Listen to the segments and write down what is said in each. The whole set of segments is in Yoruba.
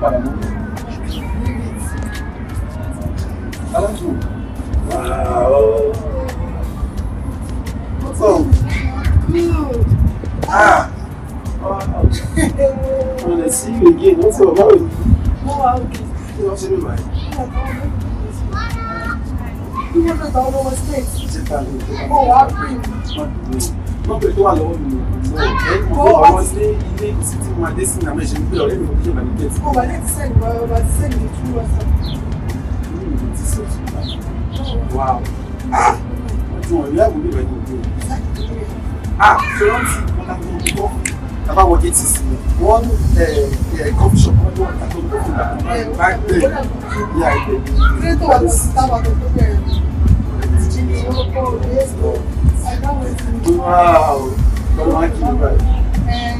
padà mọ́. aláṣọ wàá ọ̀pọ̀ ah ọ̀nà sí ìrèké wọ́n sọ̀rọ̀ báwo ni. wọ́n wá òkè. kí wọ́n ṣe lè báyìí. kí wọ́n fẹ́ gba ọlọ́wọ́ state. ṣé ká lè tó sí tí mo adé sí ní àmọ́ ìṣẹ́ni pé ọ̀rẹ́ mi ò kí ọ̀bàdàn jẹ́ ti. ọ̀bàdàn ti sẹ́ni ọ̀bàdàn ti sẹ́ni two whatsapp. wow ah ọdún ọ̀rẹ́ àwọn oníbàá ní ìlú ah fẹ́ràn tí ọ̀tàkùn ìgbọ́ tàbá wọ gẹ́tì sí mi wọ́n kọ́fí ṣọ̀pọ̀ ọdún ọ̀tàkùn ìgbọ́ fún ìgbà eh, bá gbẹ̀ ní àìpẹ́. kílé tó wà ní sítáwà tó tó bẹ̀rẹ̀ ti jí ní ọkọ̀ òwe ẹ̀sìn àìdáwọ̀ ẹ̀sìn. wow ọlọ́run á kì í báyìí. Eh,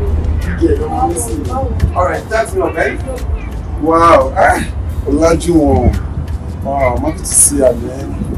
All right, thanks, my babe. Wow, ah, Olajuwon. Wow, I'm happy to see you, man.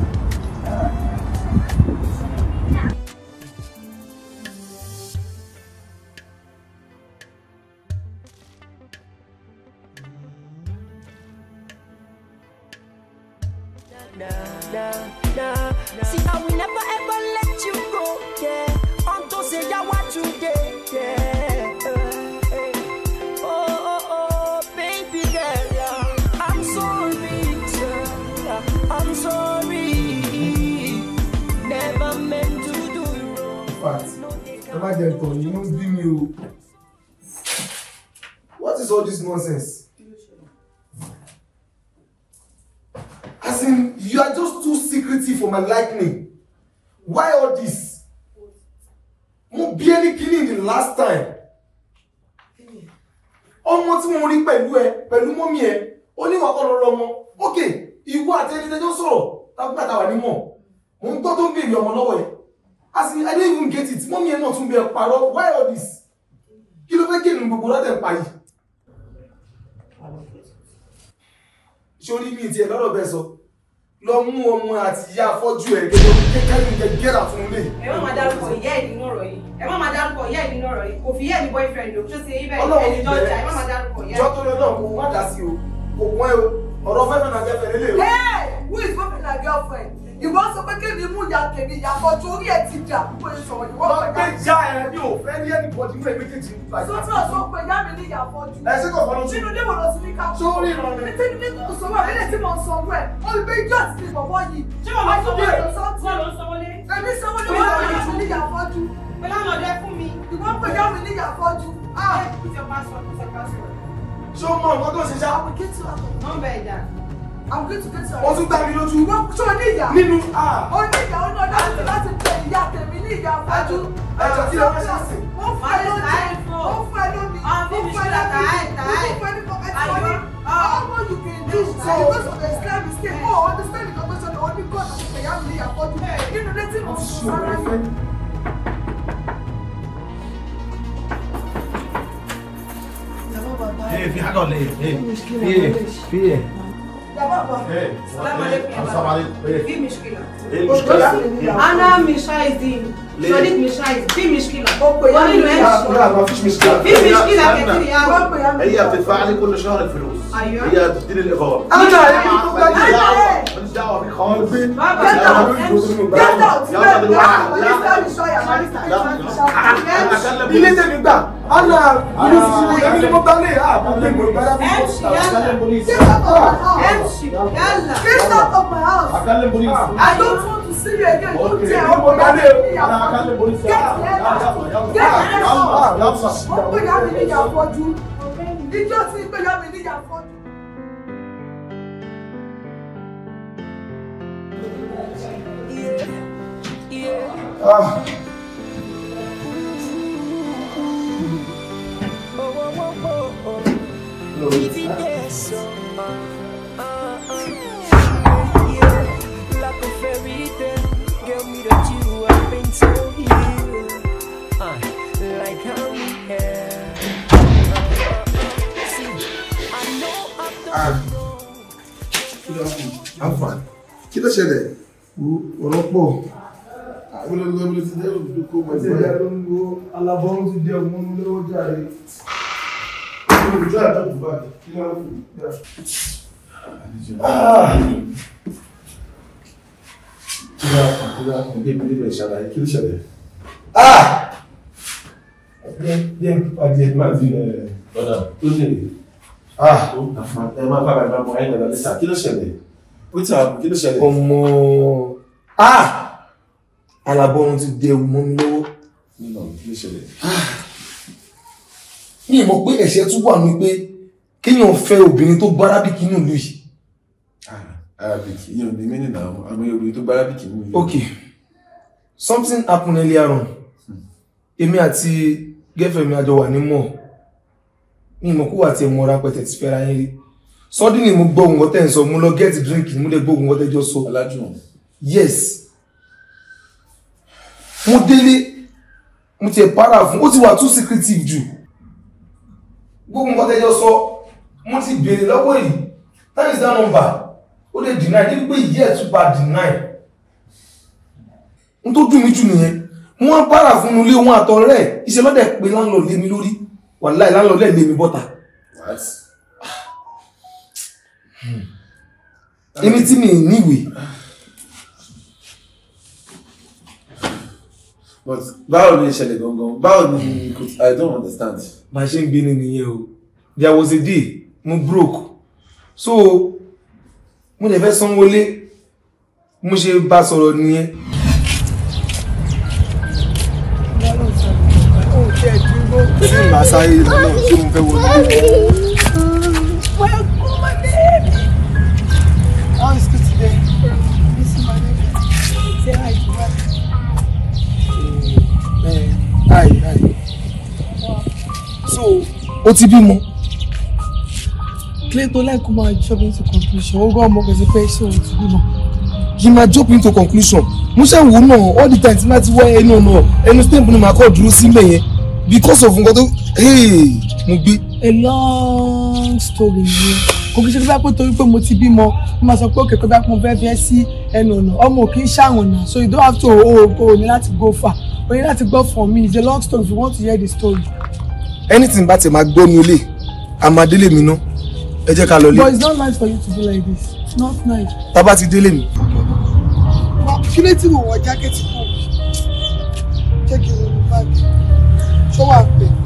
pẹ̀lú mọ́mí ẹ̀ ó ní wàkọ́ lọ́rọ́ ọmọ ókè ìwọ àti ẹni tẹjọ́ sọ̀rọ̀ tábùkàtà wà nímọ̀ mò ń gbọ́ tó ń bèèrè ọmọ lọ́wọ́ ẹ̀ as in I didn't even get it mọ́mí ẹ̀ náà tún bẹ parọ́ why all this kí ló fẹ́ kí ènìyàn gbogbo lọ́tẹ̀ pa yìí. sórí mi ti ẹ̀ lọ́rọ̀ bẹ́ẹ̀ sọ lọ mú ọmọ àti ìyá afọ́jú ẹ̀ gẹ́gẹ́ bí kékeré ń jẹ gẹ́rà fún un lè. ẹ má máa dárúkọ ìyá ẹ̀ nínú ọ̀rọ̀ yìí ẹ má máa dárúkọ ìyá ẹ̀ nínú ọ̀rọ̀ yìí kò fi ìyá ẹ̀ ní boyfriend o tó ṣe ibẹ̀ ẹni dọ́jà ẹ má máa dárúkọ ìyá ẹ̀. ìjọ tó lọ náà kò wá dá sí o kò pọ́n o ọ̀rọ̀ fẹ́fẹ́ náà jẹ́ fẹ́rẹ́ lè o. hey who is boyfriend and girlfriend? ìwọ sọ pé kémi mú ya tèmi ya fọjú orí ẹ ti dà kó e sọ̀rọ̀ ìwọ pẹ̀lú. lọ pé já ẹ mi ò fẹ́ ní ẹnì bọ́dí ní èmi kejì nípa ìgbà. sọ́tún ọ̀sán pé yá mi ní ìyá fọjú. ẹ sí kọ̀ọ̀kan ló tún. nínú níwọ̀n lọ sí ní ká. sórí ìrọ̀lẹ́. ètò ìdílé tó ń sọ̀rọ̀ àbẹ́lẹ̀ tí mò ń sọ wẹ̀ ó ń gbé ijó àti ìbọ̀bọ̀ yìí. ṣé wọ́n máa tún bẹ̀rẹ̀ wọ́n lọ sọ́wọ́lé. èmi sọ́wọ́lé wọ́n lọ sí ní ìyá fọjú. pẹ̀lú àwọn ọ̀dẹ́ fún mi. ìwọ pé yá mi ní ìyá fọjú. Ah! ṣé o mọ nǹkan tó ṣe ṣá. I'm going to get sorry. Ó tún gbá mi lójú. Wọ́n tún oníyà. Nínú. Oníyà ah. ó náà láti láti pè ìyá tèmi ní ìyá fájú. Ẹjọ́ tí lọ́wọ́ ṣe sè. Ó fún ẹ lómi. Ó fún ẹ lómi. Ah, ó fún ẹ lómi. Ó fún ẹ ní pocket money. Ah. All what you can do. So because of the Islam mistake, oh understand the conversation only oh, God àti ìyá mi ní ìyá fọ́jú. Nínú létí mo sùn sára yìí. Hey, if you had all, hey, hey, fear, fear. إيه. السلام إيه. عليكم السلام عليكم في مشكله ايه المشكله انا مش عايزين شريك مش عايز في مشكله وانا ماشي لا ما فيش مشكله في مشكله كتير قوي هي بتدفع لي كل شهر الفلوس ايوه هي بتديني الايجار انا ماليش دعوه بيك خالص جدع جدع يلا دلوقتي لا لا دي لسه جدا انا بوليس شو اللي مضى عليه اه امشي يلا امشي يلا كده طب خلاص هكلم بوليس هتمشي see you again. okay. tell me. Get get out. Mo Ah. uh, like um, how um, we have. àǹfààní kí ló ṣẹlẹ̀ ọ̀rọ̀ pọ̀ agbẹ́lẹ́gbẹ́lẹ́ ti dẹ́rù dúkó mẹ́sẹ̀ ìyá ló ń wo alábọ́rún ti dẹ̀ mú lọ́wọ́ jáde olùjọ́ àjọ́jù bá kí lọ́wọ́ fún ìgbà kí lọ́wọ́ fún ìgbà kí lọ́wọ́ fún ìgbà kí lọ́wọ́ fún ìgbà díẹ̀ pàdé ẹ̀ máa fi ọ̀dà tó dèrè ẹ máa bàbá ìbámu ayé nàlá lẹ́sà kí ló ṣẹlẹ̀ ó ti àwọn kí ló ṣẹlẹ̀. ọmọ alábọ́run ti dé ewu mọ́ mi lọ́wọ́. nínú kí ló ṣẹlẹ̀. mi ò mọ̀ pé ẹ̀ṣẹ̀ tún wà ní pé kéèyàn fẹ́ obìnrin tó bárábìkì nínú ìlú yìí. arabic yóò ní mí nìyà àwọn obìnrin tó bárábìkì nínú ìlú. okay something happened earlier on hmm. èmi àti gẹ́fẹ̀ mi àjọ wà ní mọ̀ ní ìmọ̀kúwà tí mo ra pẹ̀tẹ̀ ti fẹ́ra yín rí suddenly mo gbọ́ ohun ọ̀tẹ̀ ń mo lọ get drink mo lè gbọ́ ohun ọ̀tẹ̀ jọ sọ. aládùn. yes mo délé mo tiẹ̀ para fún ó ti wà too secretive jù gbogbo ohun ọ̀tẹ̀ jọ sọ mo ti béèrè lọ́wọ́ yìí that is that number ó lè deny nígbà yìí ẹ̀ tún bá deny n tó dùn jù nìyẹn wọ́n bára fún un wọn àtọ̀rẹ́ ẹ̀ lọ́dẹ̀ pé láńlọ́ọ̀dù lé mi lórí wàláì láńlọ́ọ̀dù lé mi bọ́ta. Hmm. èmi tí mi níwèé. but báwo ni ìṣẹ̀lẹ̀ gangan báwo ni i don't understand. bá ṣe ń gbé ní nìyẹn o there was a day mo broke so mo lè fẹ́ sanwó lé mo ṣe bá sọ̀rọ̀ nìyẹn. bá sáré lọ náà kí mo fẹ́ wo ní ilé. So, o ti bímọ. Clay tó láìkó máa jump into conclusion. Ó gbọ́ ọmọ kò sí fẹ́ ṣé o ti bímọ. He ma jump into conclusion. Mo ṣe náà all the time tí máa ti wá ẹnu ọ̀nà ẹnu stamp ni màá kọ́ dúró sílẹ̀ yẹn because of nǹkan tó mo gbé. a long story ni kò kí ṣe tó bá pé torí pé mo ti bímọ mo máa sọ pé òkè tó bá pé mo fẹ́ sí ẹnu ọ̀nà ọmọ ò kì í ṣàwọn ọ̀nà so you don't have to oògùn òní láti go far òní láti gbọ́ for me it's a long story if you want to hear the story. anything bá ti máa gbọ́ mi lè amadele mi ná ẹ jẹ́ ká lọ lé. but it's not nice for you to do like this it's not nice. tá bá ti délé mi. kí ló ti wọ̀ wọ jákẹ́tì fún mi jẹ́ kí n lè mú báàgì ṣọ́wọ́ àpẹ̀.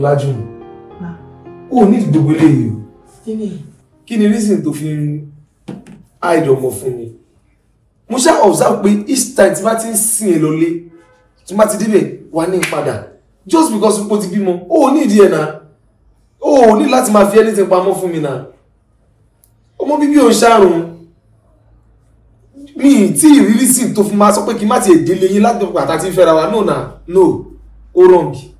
Ọlájùmọ̀ o ní gbogbo eléyìí o Kini ni reason tó fi hide ọmọ fún mi mo ṣá observe pé each time tí bá ti ń sin èlò lé tí ti débẹ̀ wà ní ìpadà just because mo ti bímọ o ní ìdí ẹ̀ náà o ní láti máa fi anything pamọ́ fún mi na. ọmọ bibi ò ń ṣàrùn mi tí ìrírí sì tó fún ma sọ pé kí n má ti èdè lè yín láti pàtàkì fẹ́ra wa no na no ó rọ̀ǹgì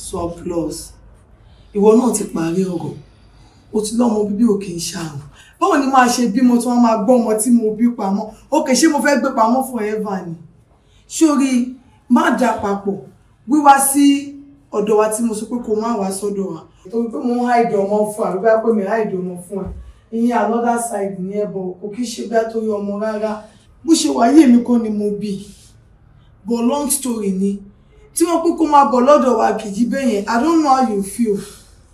surplus ìwọ náà ti parí ọ̀rọ̀ o ti lọ́mọ bíbí ò kì í ṣàrùn báwo ni máa ṣe bímọ tí wọ́n máa gbọ́ ọmọ tí mo bí pamọ́ òkè ṣé mo fẹ́ gbé pamọ́ forever ni sórí má dà papọ̀ wíwá sí ọ̀dọ̀ wa tí mo sọ pé kò má wá sọ́dọ̀ wa torí pé mo ń háìdì ọmọ fún àbí bá pé mi háìdì ọmọ fún ẹ ìyẹn another side ní ẹbọ kò kí ṣe bá torí ọmọ rárá bó ṣe wáyé mi kọ́ ni mo bí but long story ni tí wọ́n pé máa bọ̀ lọ́dọ̀ wa kìjì bẹ́ẹ̀ yẹn i don't know how you feel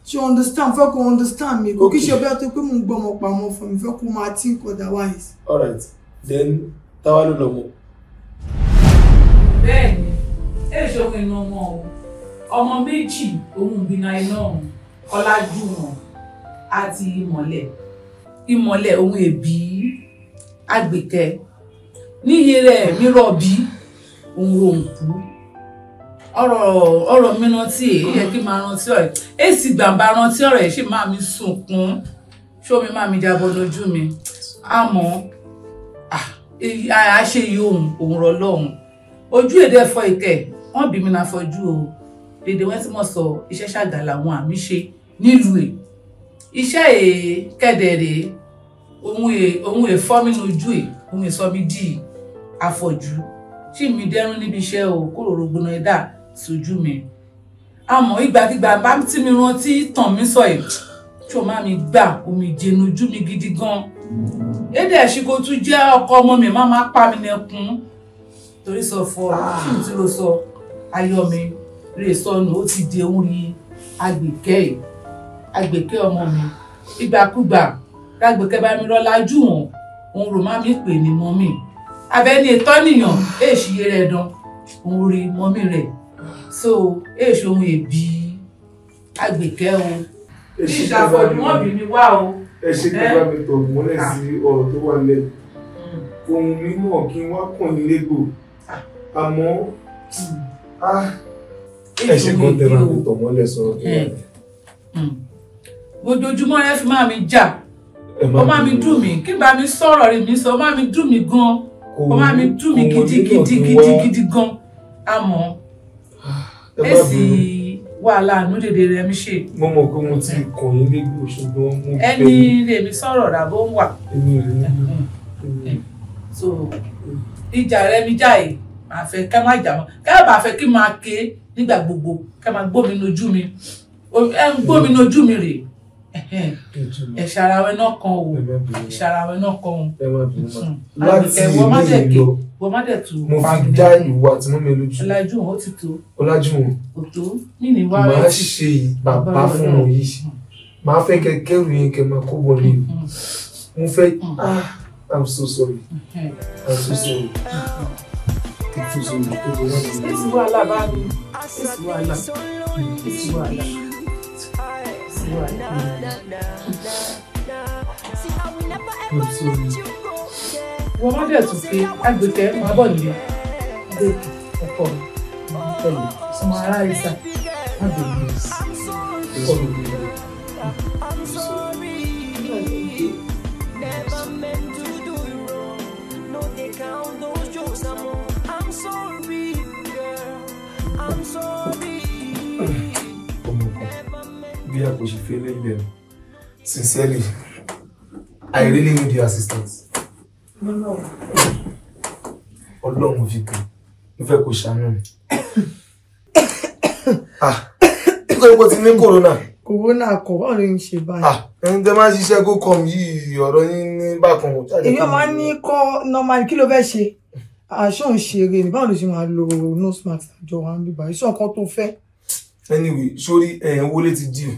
ṣe understand fẹ́ kó understand mi kò kí ṣe bí a tó pé mò ń gbọmọ pamọ́ fún mi fẹ́ kó máa think otherwise. all right then táwa ló lọ mọ. bẹ́ẹ̀ni èyí ṣokùn iná ọmọ o ọmọ méjì òun ìbínà iná ọ̀hún ọlájúwọn àti ìmọ́lẹ̀ ìmọ́lẹ̀ ohun èbí àgbèkẹ́ níyẹrẹ mírọ̀bí òun ròǹkú ọ̀rọ̀ ọ̀rọ̀ mi rántí èyí yẹ kí n máa rántí ọ̀rẹ́ èsì gbàǹbà rántí ọ̀rẹ́ yìí ṣì máa mi sunkún ṣé omi máa mi jábọ́ lójú mi àmọ́ àṣe yìí òun òun rọ lọ́hùn ojú èdè ẹ̀fọ́ ìkẹ́ wọ́n bí mi náà fọjú o dèdè wọ́n ti mọ̀ sọ iṣẹ́ ṣàgà làwọn àmì ṣe nílùú ẹ̀ iṣẹ́ ẹ̀ kẹ́dẹ̀ẹ̀rẹ̀ òun ẹ̀ fọ́ mi lójú ẹ̀ òun ẹ̀ sọ mi dì àfọ̀jú tí mi dẹ́rùn níbi iṣẹ́ o kúrò rògbònà ẹ̀dá sójú mi àmọ́ ìgbàkigbà bá tí mi rántí tàn mí sọ yìí tí o máa mi gbà omi jẹnu ojú mi gidi gan èdè ẹ̀sìnkò tún jẹ́ ọkọ ọmọ mi má má pa mi lẹ́kún torí sọ fọ kí n tí lo sọ ayọ̀ mi rè sọnù ó ti di ohun yìí agbèkẹ́ yìí agbèkẹ́ ọmọ mi ìgbàkúgbà lágbèkẹ́ bá mi rọ́lá jù wọ́n òun rò má mi pè ní mọ́mì abẹ́ni ìtọ́nìyàn èèṣì yẹrẹ dán òun rí mọ́mì rẹ̀ so èso ohun èbí àgbèkẹ́ o bí ìṣàfọ̀dúnmọ́bì ni wá o. ẹ ṣe kí bá mi tọ̀ mọ́lẹ̀ sí ọ̀rọ̀ tó wà lẹ́yìn hmm. ohun mímọ̀ ah, ah. kí wọ́n kàn ní lẹ́gbò àmọ́ ẹ ṣe kọ́ tẹ́ra mi tọ̀ mọ́lẹ̀ sọ̀rọ̀ tó wà eh. lẹ́yìn. Hmm. ojoojúmọ́ rẹ fi máa mi jà ó máa mi dùn mí kí bá mi sọ̀rọ̀ rẹ̀ mi sọ ó máa mi dùn mí gan-an máa mi dùn mí gidigidi gidigidi gan-an èsì wàhálà ànúdèdè rẹ mi ṣe. mo mọ̀ pé mo ti kàn yín légbò ṣùgbọ́n mo fẹ́. ẹni lèmi sọ̀rọ̀ ràbó ń wà. èmi ò ní. so ìjà rẹ mi jáì màá fẹ́ ká má jà mọ́ ká má fẹ́ kí n máa ké nígbà gbogbo ká máa gbómi lójú mi ẹ ń gbómi lójú mi rèé ìṣàràwẹ náà kan o ìṣàràwẹ náà kan o hmm. láti ilé ìlọ mo fi dá ìwà tí mo mẹlú jù ọlájúwọn ó ti tó ọlájúwọn òtó nínú ìwà rẹ máa ṣe bàbá fún wọn yìí máa fẹ́ kẹ kẹrù yẹn kẹ máa kó wọlé o hmm, hmm. mo fẹ́ ah i'm so sorry i'm so sorry i'm so sorry. èsì wàhálà bá mi èsì wàhálà èsì wàhálà. I'm sorry. Wọ́n má dẹ̀ tún pé agbèfẹ́ máa bọ̀ nílé. Gbé ọkọ mi tẹ̀lé. Sọmọ ará ìsà má bẹ̀rẹ̀ ní ọ̀sán. bí àpò ṣe fẹ́ lẹ́yìn ẹ̀rọ sincerely I really need your assistance. No, no. kàn ń fẹ́ kó ṣàánú mi. ah nítorí pé o ti ní kòrónà. the kọ corona. Corona, ń ṣe báyìí. ah and tẹ́ máa ń ṣiṣẹ́ go come yìí ọ̀rọ̀ yín ní bákan kò jáde. èyí máa ń ní kọ́ normal kí ló I ṣe aṣọ ah, ń ṣeré ni báwo ló ṣe máa lo nose mask àjọ wa ń bíbá anyway sórí ẹ̀yìn wọlé ti dì o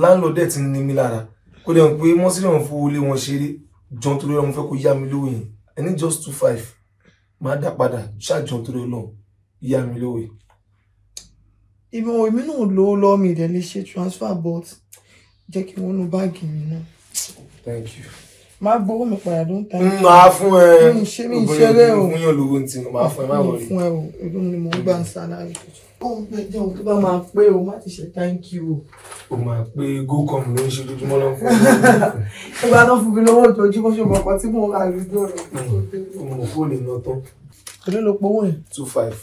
láńlọ́dẹ̀ ti ní mi lára kó dẹ̀ pé mọ́sílẹ̀ wọn fowó lé wọn ṣeré jọ torí ọmọ fẹ́ kó yá mi lówó yẹn ẹni just two five máa dá padà ṣáàjọ torí ọlọ́run yá mi lówó yẹn. ìmọ̀ èmi náà lówó lọ́wọ́ mi ìdẹ̀ lè ṣe transfer but jẹ́ kí wọ́n nu báàgì mi náà. thank you. máa gbowó mi padà ló ń ta. n máa fún ẹ obìnrin ìṣẹ́lẹ̀ o fún yàn fún ẹ o èdè ni mo gbà ń sálárì tuntun ohun tó jẹun tó bá máa pé o má ti ṣe thank you. o máa pé gocom ló ń ṣe ojoojúmọ́ náà fún mi. ìgbà náà fún mi lọ́wọ́ ojoojúmọ́ ṣe mọ̀ kan tí mò ń ra ìlú rẹ̀. mo fóònù iná tán. èló ló pọ̀ wọ̀nyí. two five.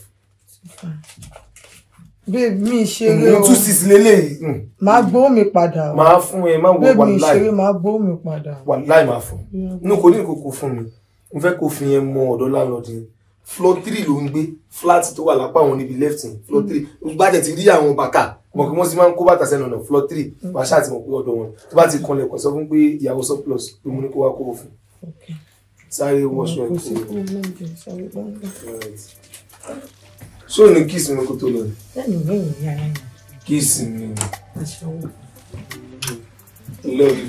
babe mi ṣeré hmm, o. two six lélẹ̀. Hmm. máa gbọ́ mi padà. máa fún ẹ máa wọ wàláì. babe mi ṣeré máa gbọ́ mi padà. wàláì máa fún. inú kò ní ìkókó fún mi mo fẹ́ kó fi yẹn mọ ọ̀dọ́ láńlọ́ọ̀dì floor three ló ń gbé flat tó wà lápá àwọn níbi left yẹn floor three gbàjẹ́ ti rí àwọn bàtà mọ̀ kí wọ́n sì máa ń kó bàtà sẹ́nu ọ̀nà floor three wàá ṣáà ti mọ̀ pé ọ̀dọ̀ wọn tó bá ti kanlẹ̀ kọ̀ sọ fún pé ìyàwó surplus ló mú ní kó wá kó o fún sáré wọṣọ ẹ̀ kó ṣó ní kíìsì mi kó tó lọ kíìsì mi love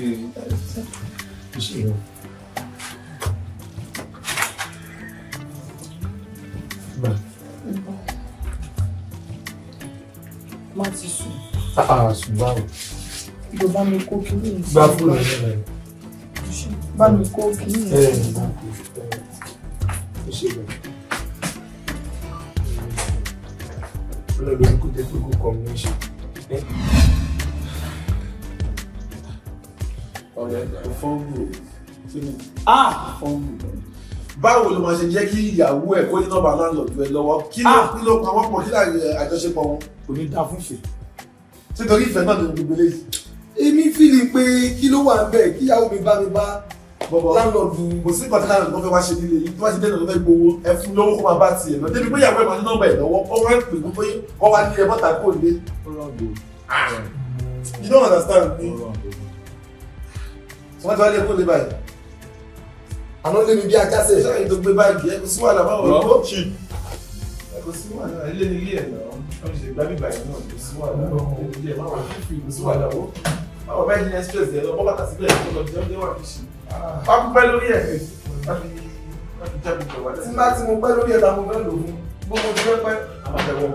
má ti sùn. Ah, ah, sùn báwo. ìgbò bá mi kó kínní yìí. gba fúlọ̀ yẹn lẹ́yìn. bá mi kó kínní yìí. ẹ eh, ẹ bá kó ẹ ṣe bẹ. ọlọ́run kò jẹ́ pé kò kọ́ mi ṣe. Eh? ọ̀rẹ́ kò fọ́ọ̀mù o. Ah! fọ́ọ̀mù báwo ló máa ṣe jẹ́ kí ìyàwó ẹ̀ kó ní nọ́mbà láńlọ́ọ̀dù ẹ lọ́wọ́ kí ló pawọ́pọ̀ kí láàyè àjọṣepọ̀ wọn kò ní ìfẹ́ náà ń gbogbo eléyìí èmi fìlì pé kí ló wà bẹ́ẹ̀ kíyàwó mi bá mi bá láńlọ́ọ̀dù kò sí nǹkan tí láńlọ́ọ̀dù ló fẹ́ wá ṣe nílé yìí tó bá ṣe dé lọ́dọ̀ gbowó ẹ fún kó máa bá tiẹ̀ náà débi pé ìyàwó ẹ̀ máa ní nọ́mbà ẹ̀ lọ́wọ́ ọwọ́ ẹ̀ pè pé wọ́n wá ní ẹ bọ́ta kó lé. you don't understand me. sọ wọ́n I wá lé kó lé báyìí. àná lé mi bí kò sí wàhálà ilé ní ilé ẹ̀ náà wọ́n ti gbá bíbá ẹ̀ náà kò sí wàhálà ilé ní ilé ẹ̀ máa wà fún ìfì kò sí wàhálà wọ́n máa wọ bẹ́ẹ̀ ní express ẹ̀ lọ bọ́ bàtà síbẹ̀ ẹ̀ lọ jẹun jẹun àfiṣe ah. wọ́n kú pẹ́ lórí ẹ̀ tí bá ti mo pẹ́ lórí ẹ̀ làwọn fẹ́ lò fún gbogbo ti pẹ́ pẹ́ àmọ́ ẹ̀ wọ̀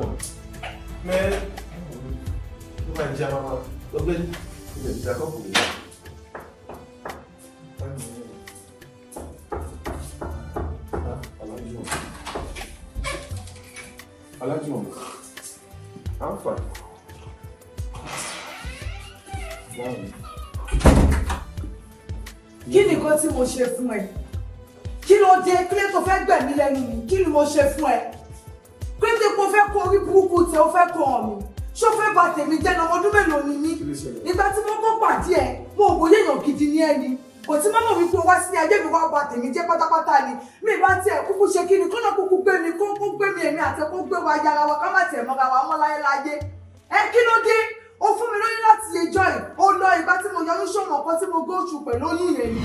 mẹ́ ló máa ń jẹ àmọ́ lọ́gbẹ́ni Alájùmọ̀ mi, à ń fà. Kí ni nǹkan tí mo ṣe fún ẹ? Kí ló dé kílé tó fẹ́ gbẹ̀mí lẹ́nu mi? Kí ni mo ṣe fún ẹ? Pété mo fẹ́ kó orí burúkú tẹ ó fẹ́ kọ́ ọ mi. Ṣó fẹ́ bà tèmi jẹ́ ọmọ ọdún mélòó ni mí? Nígbà tí mo kọ́ pàdé ẹ̀, mo ò bóyá èèyàn gidi ní ẹni kò sí mọ́mọ́ mi tó wá sí ayé mi wá ba tèmi jẹ́ pátápátá ni mi bá tiẹ̀ kúkú ṣe kí ni kó náà kúkú gbé mi kó kó gbé mi èmi àti kó gbé wa yára wa ká má tiẹ̀ mọ́ra wa mọ́ láyé láyé ẹ kí ló dé o fún mi lóyún láti ẹjọ́ yìí ó lọ ìgbà tí mo yọjú sọ̀mọ̀ kan tí mo gbóòtù pẹ̀lú oyún yẹn ni.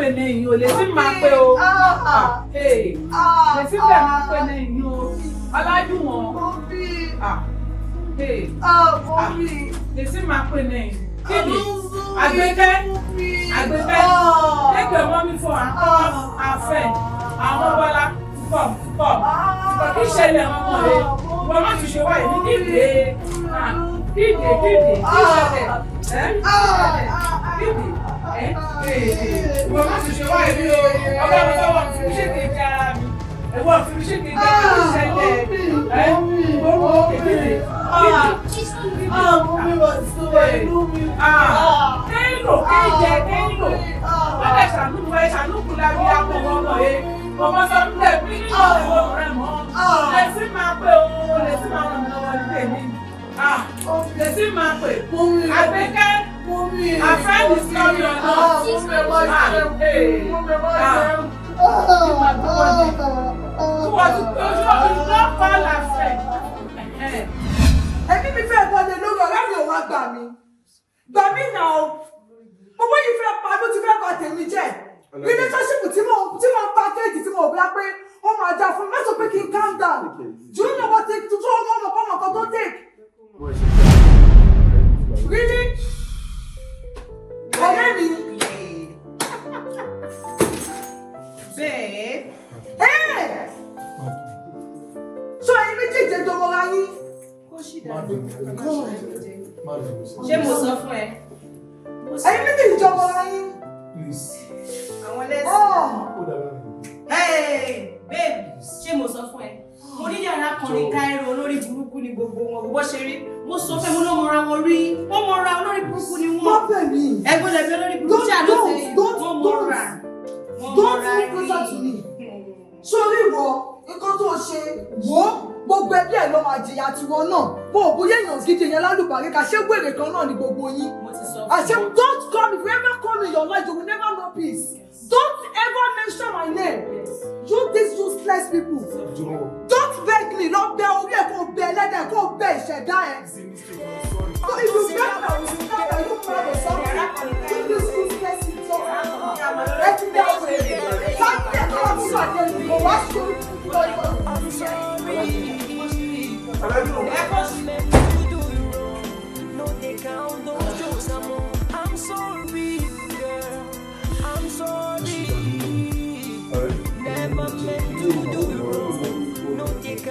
pè ní ẹ̀yìn o lè sí máa pé o ah, ah. Ah, lè sí fẹ̀ máa pè ní ẹ̀yìn o ọlájúwọ̀n lè sí máa pè ní ẹ̀yìn kíni àgbẹ̀kẹ́ àgbẹ̀kẹ́ take your mommy for her her friend àwọn bọ́lá pọ̀ pọ̀ pọ̀ kí ṣẹlẹ̀ ọmọ rẹ wọ́n má ti ṣe wáyé ní kíndé kíndé kíndé kí ṣẹlẹ̀ ẹ́ kíndé ẹ́ ìwọ má ṣe ṣe wá èmi o ọgá mi fẹ́ wọ́n fi ṣe kì í ká ara mi ẹ̀wọ́n fi ṣe kì í ká ara mi ṣẹlẹ̀ ẹ̀ gbogbo kékeré. Àmú mi wọ̀ sí wa inú mi. Kéèrò kéèjẹ kéèrò. Wọ́n lè ṣàlùkù ẹ ṣàlùkù lábí àpò ọmọ ẹ. Ọmọ sọ pé ẹbí ní ìwọ rẹ̀ mọ́. Lẹ́sìn máa pé o, lẹ́sìn máa ràn lọ́wọ́ nílé mi. Lẹ́sìn máa pè. Àgbékẹ́. Our friend is coming on us. Move your body down. Move your body down. Who was it? You should not call our friend. Ẹbí mi fẹ́ bọ́lẹ̀ lórí ọ̀rẹ́ mi ò wá gbà mí. Gbà mí nà ó. Owó yìí fẹ́ pa ló ti fẹ́ pa tèmi jẹ́. Relationship tí mo tí mo package tí mo bla pé ó máa já fún mi. Mẹ́sàn-án pé kí n calm down. Do you know what take to tó my ọmọ my tó take? Really? ọ̀rẹ́ mi. Babe. Hey! Sọ ẹni méjèèjì tó mọ́ra yín. Kó ṣì dájú. Ṣé mo sọ fún ẹ? Ẹni méjèèjì tó mọ́ra yín. Àwọn lẹ́sìn. Oh. Hey! Babe, ṣé mo sọ fún ẹ? oníyàrá kan ní káírò olórí burúkú ni gbogbo wọn bó ṣe rí mo sọ fẹ́ mo ló mọra wọn rí wọ́n mọra olórí burúkú ni wọ́n. wọ́n bẹ̀ olórí burúkú ṣáà ló ṣe wọ́n mọra. don't be closer to me. sórí ìwọ nǹkan tó ṣe wò ó gbogbo ẹbí ẹ ló máa jìyà tiwọn náà mo ò bóyá èèyàn gidi yẹn lálùbárí ká ṣé wèrè kan náà ni gbogbo yín. àṣẹ don't come if you ever come in your life you will never know peace. Don't ever mention my name. You these useless people. Don't beg me. Lọ bẹ orí ẹ̀ kó bẹ ẹlẹ́dẹ̀ kó bẹ ìṣẹ̀dá So if you beg me, I will tell you you mad or something. You this useless talk. Let me down with you. Thank you for coming back and go watch you. I'm sorry. No, they count those I'm sorry, girl. I'm sorry.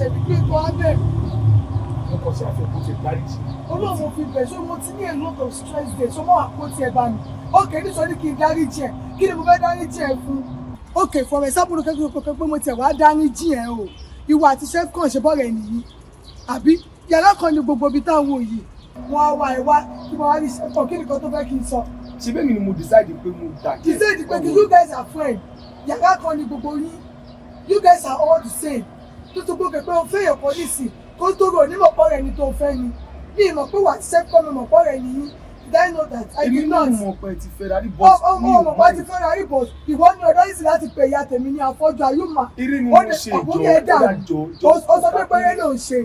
ẹ̀ṣẹ̀ gbígbé tó á bẹ̀rù. mo sí àfikún ti parí sí. olóòwò fi bẹ̀ ṣé mo ti ní èlò tó stress dé ṣé mo wà tiẹ̀ bá mi. ókè nítorí kí n dárí jẹ kí ni mo fẹ́ dárí jẹ fún. ókè fọwọ́ ẹ sábúrò kékeré pé mo tiẹ̀ wá dárí jì ẹ́ o ìwà àti iṣẹ́ kàn ṣe bọ́ọ̀rẹ̀ nìyí àbí yàrá kan ni gbogbo ibi táwọn yìí wọ́n wá ẹ wá kí wọ́n á rí iṣẹ́ kan kí nìkan tó fẹ́ kí n sọ. ṣé bẹ́ẹ̀ ni mo decide pé mo dà kí ẹ. decide pé you guys are friends yàrá kan ni gbogbo yín you guys are all the same tó tó gbókè pé o fẹ́ èèyàn kan nísìn kó tó rò onímọ̀ pọ̀ rẹ̀ ni tó fẹ́ ni ní ìmọ̀ pé wà sẹ́kọ̀ mi mọ̀ pọ̀ nìyí did I know that I did not. èmi náà mọ̀ pé ti Ferrari bọ́s mi ò mọ̀ pé ti Ferrari bọ́s ìwọ ní ọ̀dọ́ yìí sì láti pè ya tèmi ní afọ́jú ayúmọ̀. eré ni mo ṣe jọ ó sọ pé péré ló ń ṣe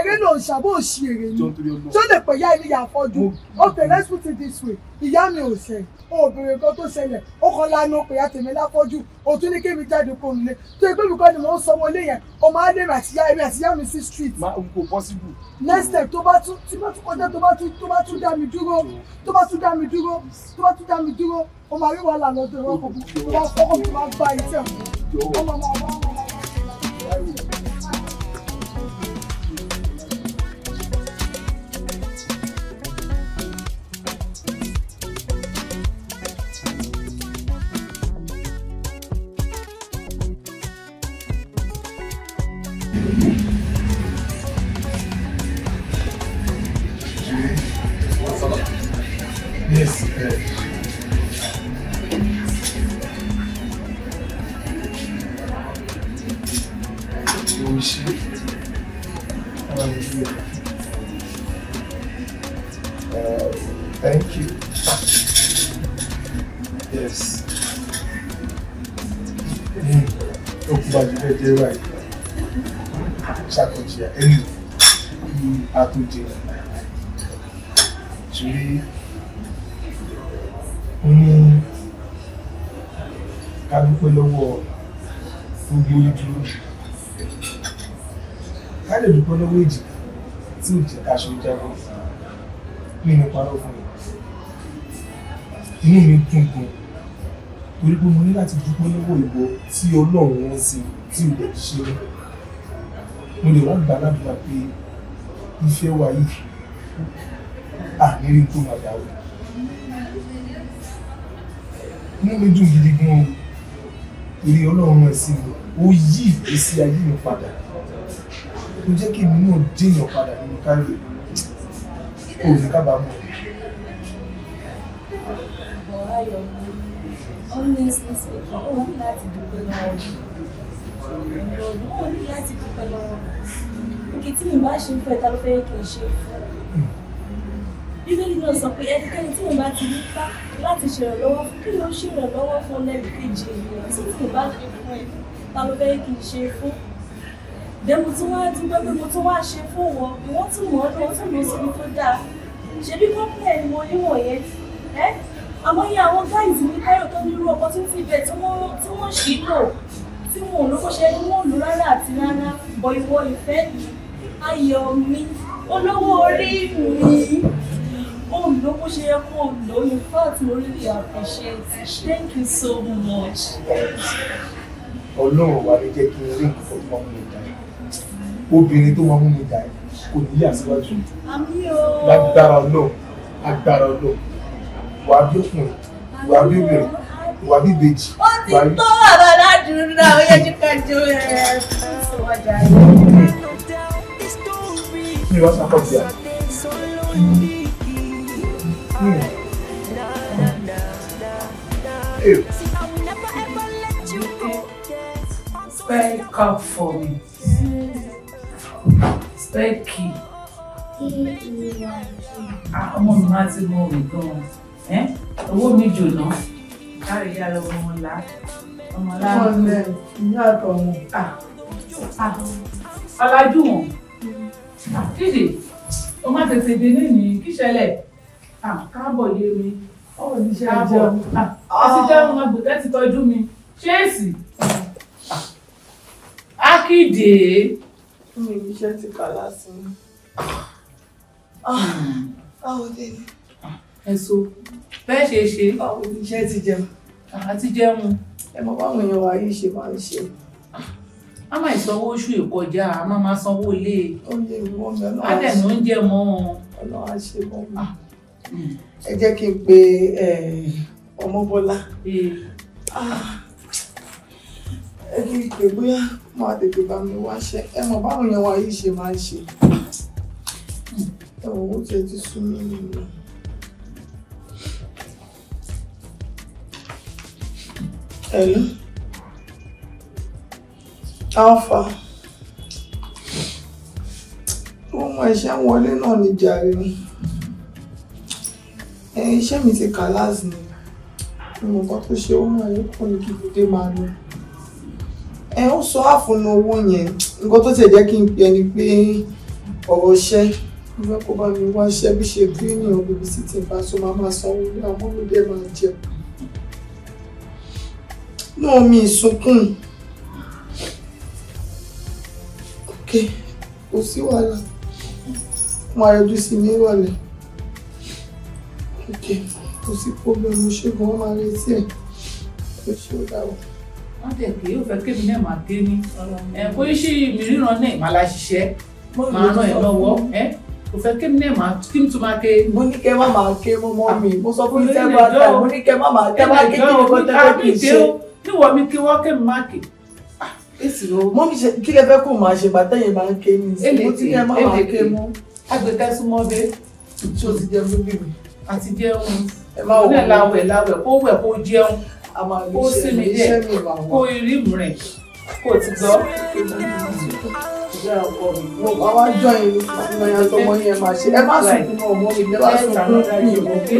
eré ló ń ṣàbò òṣì èrè ni tó lè pè ya ẹni yà afọ́jú okay let's put it this way ìyá mi ò sẹ̀ obìnrin kan tó ṣẹlẹ̀ ó kọ́ lánàá pé ya tèmi lápọ́jú o tún ní kémi jáde kó nílé tó ẹgbẹ́ mi kọ́ ni mò ń sanwó ilé yẹn o máa dé mi àtìyá mi àtìyá mi sí street. ma n kò possible. next step tó bá tún tí bá tún kọjá tó bá tún tó bá tún dá mi dúró tó bá tún dá mi dúró tó bá tún dá mi dúró o máa rí wàhálà lọ́dọ̀ ìwọ́n kò kò wọ́n kọ́kọ́ mi máa gba ìtẹ̀ ọmọ máa wá wọn. Deus. Uh, thank you. Yes. Hmm. Okubajibete oh, right. Ṣàkóso ẹni kí a tó jẹ. Ṣèlè ó ní ká dúpẹ́ um, gbogbo ojú lójú ká lè dúpẹ́ lọ́wọ́ ìjìká tí ìjì kaṣọ jábọ́ mí ní parọ́ fún mi inú mi dùn gan torí pé mo ní láti dúpẹ́ lọ́wọ́ ìwọ tí ọlọ́run wọn sí tí ò lè ṣe mo lè wá gbà ládùúgbà pé ìfẹ́ wa yìí àníní tó máa dà wọ inú mi dùn gidi gan o torí ọlọ́run ẹ̀ sí mi ó yí ìgbésí ayé mi padà ló jẹ́ kí èmi náà jẹ́yàn padà nínú kárí ò ní kábàámọ̀. ọ̀ráyọ̀ honestly speaking ó ní láti dúpẹ́ lọ́wọ́ ọ̀dùn ó ní láti dúpẹ́ lọ́wọ́ òkè tí mi bá ṣe ń fẹ́ ta ló fẹ́ kí n ṣe fún bíbélì náà sọ pé ẹnikẹ́ni tí mo bá ti ní pa láti ṣèrànlọ́wọ́ fún kí ló ṣèrànlọ́wọ́ fún lẹ́ẹ̀kejì ènìyàn tí mo bá ṣe fún ẹ ta ló fẹ́ kí n ṣe fún dé tún wá dúpẹ́ pé mo tún wá ṣe fún wọn wọ́n tún mọ̀ ọ́dún wọ́n tún mọ̀ síbi tó dáa ṣebí kọ́pẹ́ ni mo níwọ̀n yẹn ẹ́ àmọ́ yẹ àwọn gáìsì ní káyọ̀ tó nírú ọkọ̀ tó ti bẹ̀ tí wọ́n ṣì ń lò tí wọn ò lóko ṣe ni wọ́n lò rárá àti rárá bọ̀ ìwọ ìfẹ́ mi ayọ̀ mi olówó orí mi òun ló bó ṣe yẹ kó o lò in fact mo really appreciate thank you so much. ọlọ́run wà ní jẹ́ kí n rí nǹkan tó mọ́ mi obìnrin tó máa mú mi dà ẹ́ kò ní yà síwájú lágbára ọlọ́ọ̀ agbára ọlọ́ọ̀ wàá bí ọkùnrin wàá bí obìnrin wàá bí ìbejì ó ti tó bàbá aládùn náà ó yẹ ká jó ẹ mi ò wá sáfọ́ bí i. Spell cup for me spẹ́ẹ̀kì mm-hmm. ah, ọmọ mi máa ti mọ òwe gan-an owó mi jòlá káre yá lọ ọmọ ńlá ọmọ ńlá ọmọ ìyá àtọ ọmọ. ọ̀làjú ah, ah, wọn mm-hmm. dídì o má tètè dé nínú kí ṣẹlẹ̀ káàbọ̀ yé mi káàbọ̀ ọtí jẹun wọn gbẹ̀tẹ́ ti tọ́jú mi ṣéèsì. Akíde mi ibi iṣẹ́ ti kà láti ah báwo dé ni. ẹ̀sọ́ bẹ́ẹ̀ ṣe ṣe. báwo ni iṣẹ́ ti jẹun. àti jẹun. ẹ mọ báwọn èèyàn wa yìí ṣe máa ń ṣe. a máa sanwó oṣù ìkọjá a máa máa sanwó ilé. ó lè wọ́n mi ọlọ́run. adẹ̀nù oúnjẹ mọ́ ọ́n. ọlọ́run á ṣe mọ́ mi. Ah. ẹ jẹ́ kí n pe ọmọ bọ́lá. Ah. ẹ kí n pè bóyá máa tètè bá mi wáṣẹ́ ẹ mọ̀ báwọn yẹn wáyé ṣe máa ń ṣe ẹ̀wọ̀n ó tiẹ̀ ti sún mí nínú. Hello. Alpha. Wọ́n mọ iṣẹ́ wọlé náà ní jàre ni. Iṣẹ́ mi ti kà láàzì ni. Mo mọ̀ nǹkan tó ṣe ó máa yẹ kó ní kí n dé máa lọ ẹ ó sọ àfúnnu owó yẹn nǹkan tó tiẹ̀ jẹ́ kí n pè ni pé ọ̀rọ̀ iṣẹ́ mo fẹ́ kó bá mi wá iṣẹ́ bí ṣe bí ènìyàn bíbí sí ti bá so máa máa sanwó ní àmọ́ máa jẹ náà mi ìsunkún ok kò sí wàhálà máa yọjú sí mi ìrọ̀lẹ́ ok kò sí problem mo ṣe gan-an máa retí ẹ̀ ló ṣe má tẹ̀ pé ó fẹ́ kémi náà máa gé ní kó ṣe mìíràn náà máa la ṣiṣẹ́ máa ràn ẹ́ lọ́wọ́ kò fẹ́ kémi náà máa kí n tún máa ké. mo ní kẹ́ má máa ké mo mọ́ mi mo sọ fún mi sẹ́gun àtà mo ní kẹ́ má máa ké má ké kí ni mo tẹ́lẹ̀ kì í ṣe. níwọ̀ mi kí wọ́n kémi má ké mo ah, fi ṣe kí lè fẹ́ kó máa ṣe bàtẹ́yìn máa ké ní mo ti kẹ́ má máa ké mọ́. agbèkẹ́ súnmọ́ bẹ́ẹ̀. ṣé o ti jẹun bíbí àti jẹun. ẹ má wọ ọ ó sì mí dẹ̀ kó irí rẹ̀ kó ti gbọ́. Wọ́n wá jọ ìlú ìmọ̀ ìyàtọ̀ mọ́ yẹn máa ṣe. Ẹ má sunkún náà mọ́ mi, ẹ má sunkún mi ò gbé.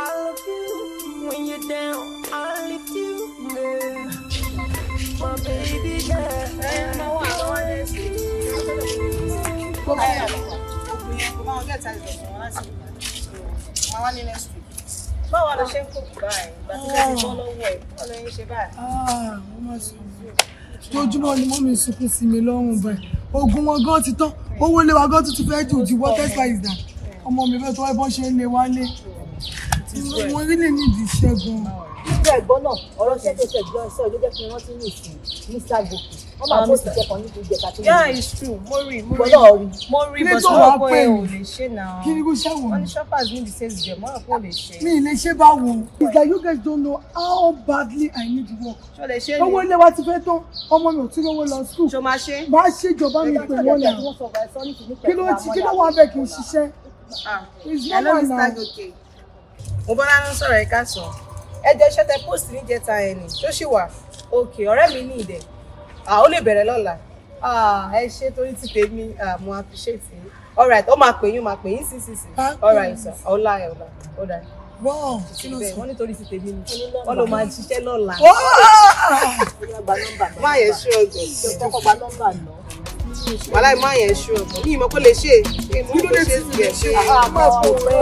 I love you. When you're down, I lift you. My baby báwo ló ṣe ń kó kù báyìí ìgbà tí wọ́n ti bọ́ lọ́wọ́ ẹ̀ báwo ló ń ṣe báyìí. Ah, wọ́n máa sọ lójúmọ́ ni mọ́mí sunkún sí mi lọ́rùn báyìí oògùn wọn gan ti tán owó lé wa gan tuntun fẹ́ jù ju wọ́n tẹ́sí báyìí dà ọmọ mi fẹ́ tọ́ ẹ bọ́n ṣe ń lé wálé wọ́n rí lè nídìí iṣẹ́ ṣé ẹ̀gbọ́n náà ọ̀rọ̀ ṣẹ́ tó ṣe ìgbọ́n ṣe òjò jẹ́ kí wọ́n ti ní ìsìn mr gòkè wọ́n máa bó ti jẹ́kọ̀ níbi ìjẹta tó yẹ. yeah it's true mo rí mo rí mo rí but mo rò pé o lè ṣe náà kí ni kò ṣe wọn. wọ́n ní shoppers need the sales job mo rò pé o lè ṣe. mi lè ṣe bá wo is that you guys don't know how badly i need work. ṣo lè ṣe ni owó ilé wa ti fẹ́ tán ọmọ mi ò tún lówó lọ school. ṣo máa ṣe. máa ṣe ìjọba mi pè wọ́n lẹ̀ kí ló kí ló wà bẹ́ẹ̀ kì í ṣiṣẹ́. Ah, hello mr gòkè mo bọ́lá ló ń sọ̀rọ̀ ẹ̀ka sàn ẹjọ iṣẹ́ tẹ post níjẹta ẹ̀ nì tó sì wà òkè ọ̀rẹ́ mi ní ìdẹ̀ ó lè bẹ̀rẹ̀ lọ́la ẹ ṣe torí ti tèmi mo appreciate yín all right ó máa pè yín máa pè yín sísìsì all right sir ọ̀la ẹ̀ ọ̀la ó dà wọ́n wọ́n nítorí ti tèmi ni wọ́n ló máa ṣiṣẹ́ lọ́la. máa yẹ ṣé ọgbẹ́. ṣe kọ́kọ́ gba nọ́mbà náà wàhálà ìmọ̀ àyẹ̀ ṣù ọ̀bọ̀ ní ìmọ̀ kó lè ṣe é mú kó ṣe é ṣe é má pọ̀ pẹ́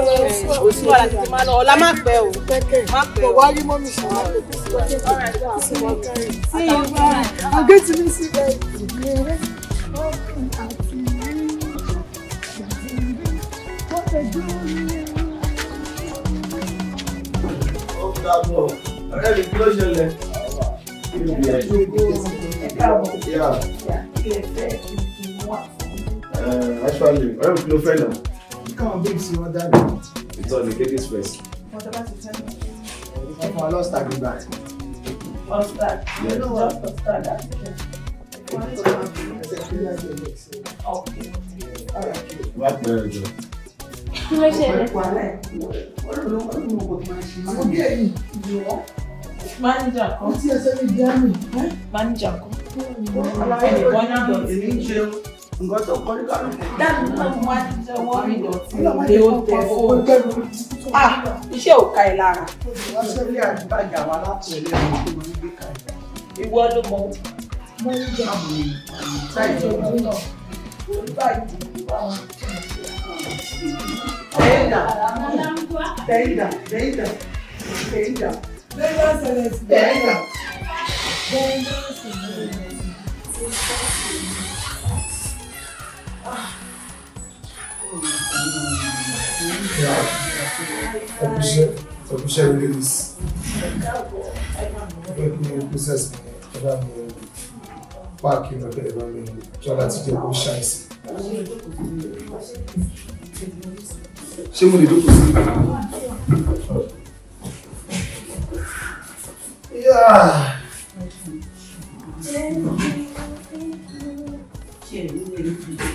o sí wàhálà tètè lọ ọ̀la má pẹ́ o má pẹ́ o. wàá rí mọ́mí ṣe máa pẹ́ sí i ọ̀gá tí mi sí bẹ́ẹ̀ ó ga bọ̀ ọ̀rẹ́ mi kí ló ṣẹlẹ̀. Yeah. yeah. yeah. yeah wà fún mi. actually ọ̀rẹ́ mi kí ló fẹ́ nà. come on babe see what that means. ìtọ́ ni ladies first. mo tọ́ bá ti tẹ́ mi. ẹ fún wa lọ́ọ̀sì àgbè bá ti. mustard you know what mustard are. Kí ló ṣẹlẹ̀? Àwọn bí ẹ̀yìn ìwọ́. Manager kan. Ó ti ẹsẹ̀ mi bí á mi. Manager kan. Ọlọ́run ìwọ́n náà lọ sí nǹkan tó kọ́ nígbà tó dáàbò náà mo ti jẹ́ wọ́n rí ìdọ̀tí lé ó tẹ̀ fóònù ah iṣẹ́ ò ka ẹ̀ lára. wọ́n ṣe ilé àdúgbàjà wa láti ọ̀hún tó máa ń ka ẹ̀. ìwọ ló mọ mo ń jà bò ní ṣáìsì ojú náà olùbá ìdìbò wa wọn. Tẹ̀yìndà tẹ̀yìndà tẹ̀yìndà tẹ̀yìndà tẹ̀yìndà tẹ̀yìndà. Ọ̀pìṣẹ́ ọ̀pìṣẹ́ release. Bẹ́ẹ̀ ni process mi ọ̀dà mi ò páàkì lọ́dọ̀ ẹ̀rọ mi kí ọ̀dà ti jẹ́ kó ṣàìsí. Ṣé mo lè dókòó sí? Yeah.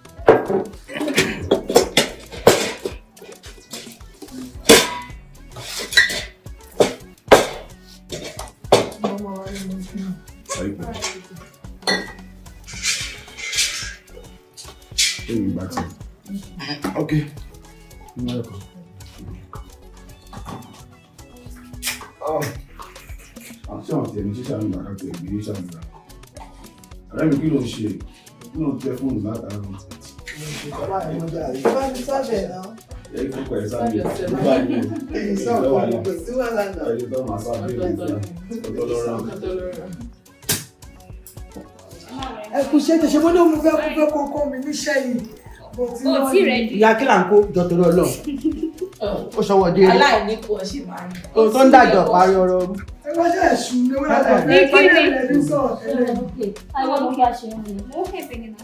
ṣe mo tẹ fóònù látara mi tẹ. bàbá mi mo jà rí bá mi sábẹ̀ náà. ẹ kí kò ẹ sábẹ̀ ló bá yẹ èyí sábẹ̀ kò sí wàhálà náà. ẹ lè tọ́ màá sábẹ̀ lè gbà ọ̀tọ̀ lọ́rọ̀. ẹ kù ṣe tẹ̀sẹ̀ mo ní òun fẹ́ kó fẹ́ kọ́kọ́ mi níṣẹ́ yìí. o ti rẹ̀ di. ìyá kí là ń kó jọ̀tọ̀ lọ́ọ̀ ó ṣọwọ́ dé rí aláìní kò ṣì máa ń kó tó ń dàjọ parí ọ̀rọ̀. ẹ wọ́n ṣe ẹ̀sùn ní wọ́n láti ọ̀rẹ́ ìpínlẹ̀ ẹ̀dínsọ̀ tẹ́lẹ̀. àwọn olùkọ́ àṣẹ ń lò ó kẹ̀kẹ́ nínú.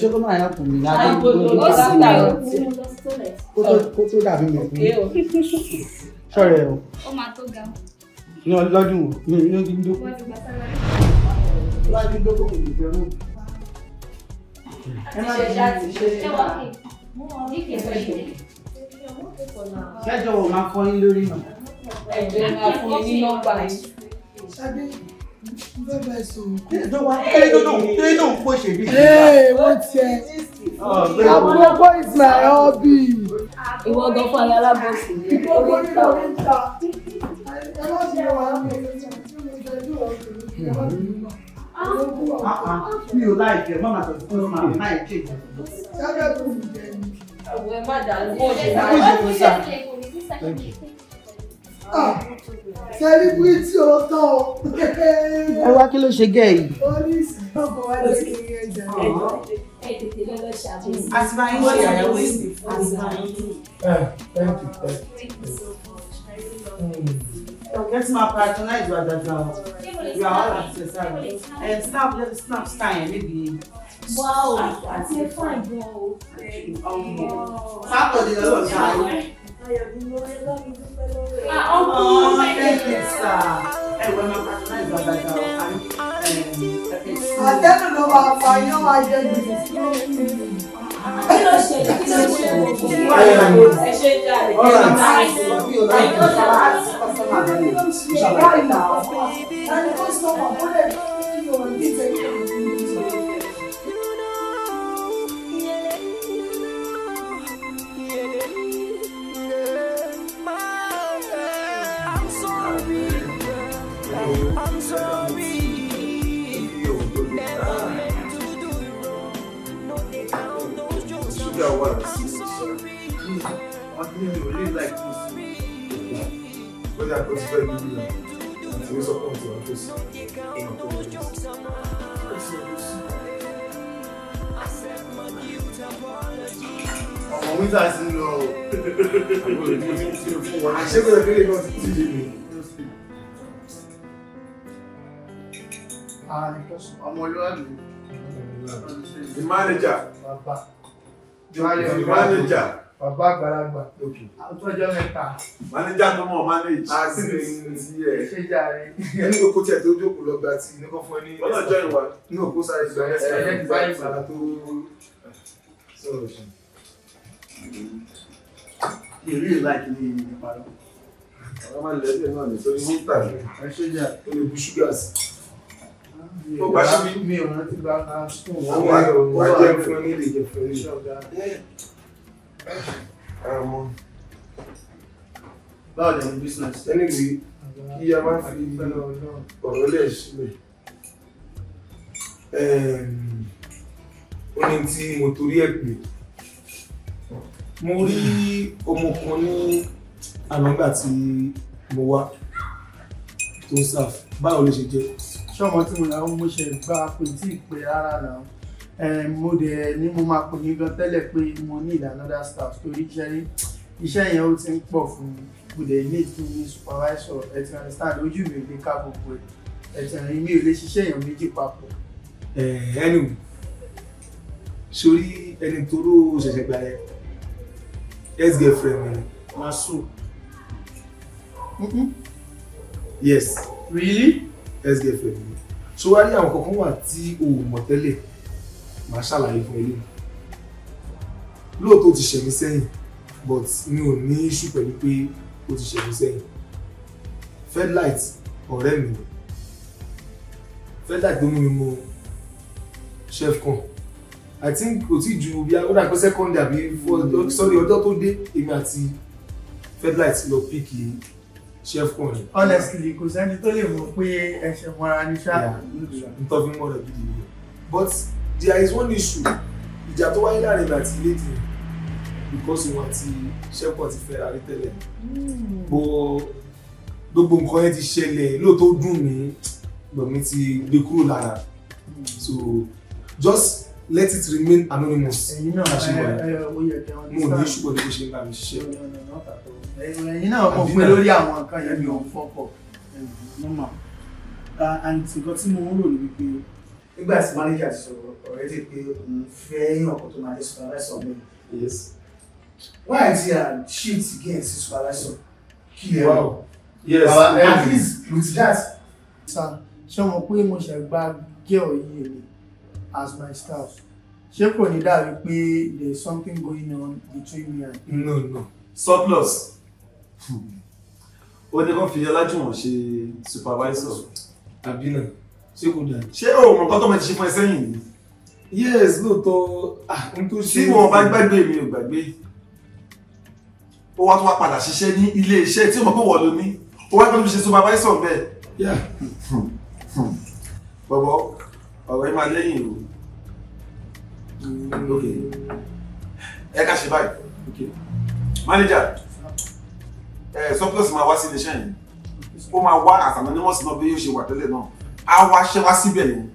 ṣé kó máa yà kùn mí láti gbogbo kó tó dàbí mẹ̀kún ṣọ̀rẹ́ o. ó máa tó ga. lọ́dún wo ní ọdún tó kù. lọ́dún tó kù kò ní fẹ́ ẹ má lè ṣe àtìṣe. ṣé wàá kì ní kì í ṣẹ́jọ́ wo máa fọ́ yín lórí nà. ẹ̀jẹ̀ máa fún yín ní nọ́mbà yìí. ṣáde bẹ́ẹ̀ bẹ́ẹ̀ sọ. kílódé náà kílódé náà ń pò ṣe bí. ee wọ́n tiẹ̀ àbúrò boy is my hobby. ìwọ gan fún ayé alábọ̀sì. ìwọ gan fún ayé alábọ̀sì. Ah, ah. ẹ má ṣe wà á mi mi ò láì jẹ mọ́nà tó fún mi láì jẹ ìjọba. sábẹ́ tó ń jẹ ní. Ẹ̀wọ̀n má dà ń bọ̀ ṣe Sẹ́líbírìtì ọ̀tọ̀ Ẹ wá kí ló ṣe gẹ̀ yìí? you thank you. get my patronize you at the job. You are all at the same And snap, snap, snap, maybe. Wow, àti ẹ fún àìgbọ́n o. Ọmọ Sátọ̀dé lọ́wọ́ sí ayé. Ọmọ ẹ̀kẹ́ sà. Ẹ̀wọ̀n máa pa náà ìgbàgbà ìgbà ọ̀kan. Àtẹ́nu ló máa pa iná máa jẹ jù. Kí ló ṣe? Kí ló ṣe? know, ṣe jàre. Ọ̀rọ̀ àti ọ̀rọ̀ àti ọ̀sán àbẹ̀lẹ̀. Ṣàlàyé àlàáfíà wà sí ìṣẹ́ hmm. wọn ní mi ò lè láì kú sí ó yà pé fẹ́ mi nìyà àti ó sọ pé òun tó sí èèyàn tó wọlé ọmọ wíńtà sí lọ àṣẹkọ̀ọ́ ìpínlẹ̀ náà ti tíye mi. Ah, ọmọ olúwa mi. the manager manager bàbá àgbàlagbà àtọ́jọ́ mẹ́ta. manager tó mọ̀ manage. a sì lè sí ẹ. ṣé jàre. ẹni kò kó tiẹ̀ tó jókòó lọ gba ti nìkan fún ẹ ní. ọlọ́jọ́ ìwà. ní òkú sáré ìgbà yẹn sáré ìgbà yẹn sáré tó. ìrí ìlàjì ni ìpàdé. ọ̀rọ̀ máa ń lẹ́sẹ̀ náà nítorí mọ́tà. ẹ ṣé jà. ó lè bu ṣúgà sí i ó gbà síbi. mi ò rántí bá a sùn wọ́n wá wá jẹ́ fún ní ìdíje fẹ́rẹ́ ṣọ́gà. àmọ́ báwo ni business. ẹnìwé kí a máa fi ọ̀rọ̀ lẹ̀ sílẹ̀ ó ní tí mo torí ẹ̀ pè mo rí ọmọ kan ní àlọ́gbà tí mo wá tó ń sáf báwo ló ṣe jẹ́ ṣọmọ tí mo là ń mo ṣe gba pé tí ì pé rárá là ń mo dẹ̀ ní mo máa pè yín gan tẹ́lẹ̀ pé mo ní another staff torí jẹ́rí iṣẹ́ yẹn ó ti ń pọ̀ fún mi mo dẹ̀ ní kí ni supervisor ẹ ti understand ojú mi ò lè ká gbogbo ẹ̀ ẹ ti rìn mi ò lè ṣiṣẹ́ èèyàn méjì papọ̀. anyway sórí ẹni tó ló ṣẹ̀ṣẹ̀ gbà ex girlfriend mi Masu. yes. really ex-girlfriend mi so wá rí àwọn kankan wà tí o ò mọ̀ tẹ́lẹ̀ màá ṣàlàyé fún ẹlẹ́yìn lóòótọ́ ti ṣẹ̀ mí sẹ́yìn but mi ò ní iṣu pẹ̀lú pé o ti ṣẹ̀ mí sẹ́yìn Fairlight ọ̀rẹ́ mi ni Fairlight mi mọ chef kan i think kò tí ju bí ó dà pé second àbí sorry ọjọ́ tó dé èmi àti Fairlight lọ píkì chef kan honestly kò sẹ́ni tó lè mọ̀ pé ẹ̀ṣẹ̀ mọ́ra ní ṣáà. n tọ́ fi mọ́ rẹ̀ gidi nìyẹn but there is one issue ìjà tó wáyé láàrin mi àti ilé ìdìbò because wọn àti chef kan ti fẹ́ ra rí tẹ́lẹ̀ hmm. bó gbogbo nǹkan yẹn ti ṣẹlẹ̀ lóòótọ́ dùn mí gbọ̀n mi ti gbé kúrò lára so just let it remain anonymous. ẹ̀yin náà ẹ ẹ ó yẹ kí wọn. mo ní ṣùgbọ́n ní bó ṣe ń bá mi ṣiṣẹ́. ẹ̀yin náà mọ̀ pé lórí àwọn nǹkan yẹn mi ò ń fọ́pọ̀ nọ́mà àǹtí nǹkan tí mo ń rò ní wípé. nígbà tí mánéjà ti sọ̀rọ̀ ọ̀rẹ́ ti pé òun fẹ́ ọkọ̀ tó máa dé supervisor mi. why ti à shift gain sí supervisor kí lè wá o. yes at least with that. ṣé o mọ̀ pé mo ṣẹ̀ gba gẹ́ọ̀ yìí as my spouse ṣé kò ní dàbí pé there is something going on between me and him. no no surplus hmm. ó ní kó fi Ọlájùwọ̀n ṣe supervisor àbí náà ṣé kò dà. ṣé o mọ̀ kọ́tọ́ mo ti ṣe fún ẹ sẹ́yìn ni. yes lóòótọ́ n tó ṣe. tí wọn bá gbàgbé mi ò gbàgbé ó wá tó wá padà ṣiṣẹ́ ní ilé iṣẹ́ tí mo pé wọ́n ló ní ó wá gbọ́dọ̀ fi ṣe supervisor bẹ́ẹ̀. Hmm, hmm. bọ̀bọ̀ ọ̀rọ̀ ẹ máa lẹ́yìn o. Okay. ẹ ká ṣe báyìí manager ẹ surplus máa wá sí iléeṣẹ́ yẹn ó máa wá àtàwọn onímọ̀sí náà bí yóò ṣe wà tẹ́lẹ̀ náà á wá ṣe wá síbẹ̀ yẹn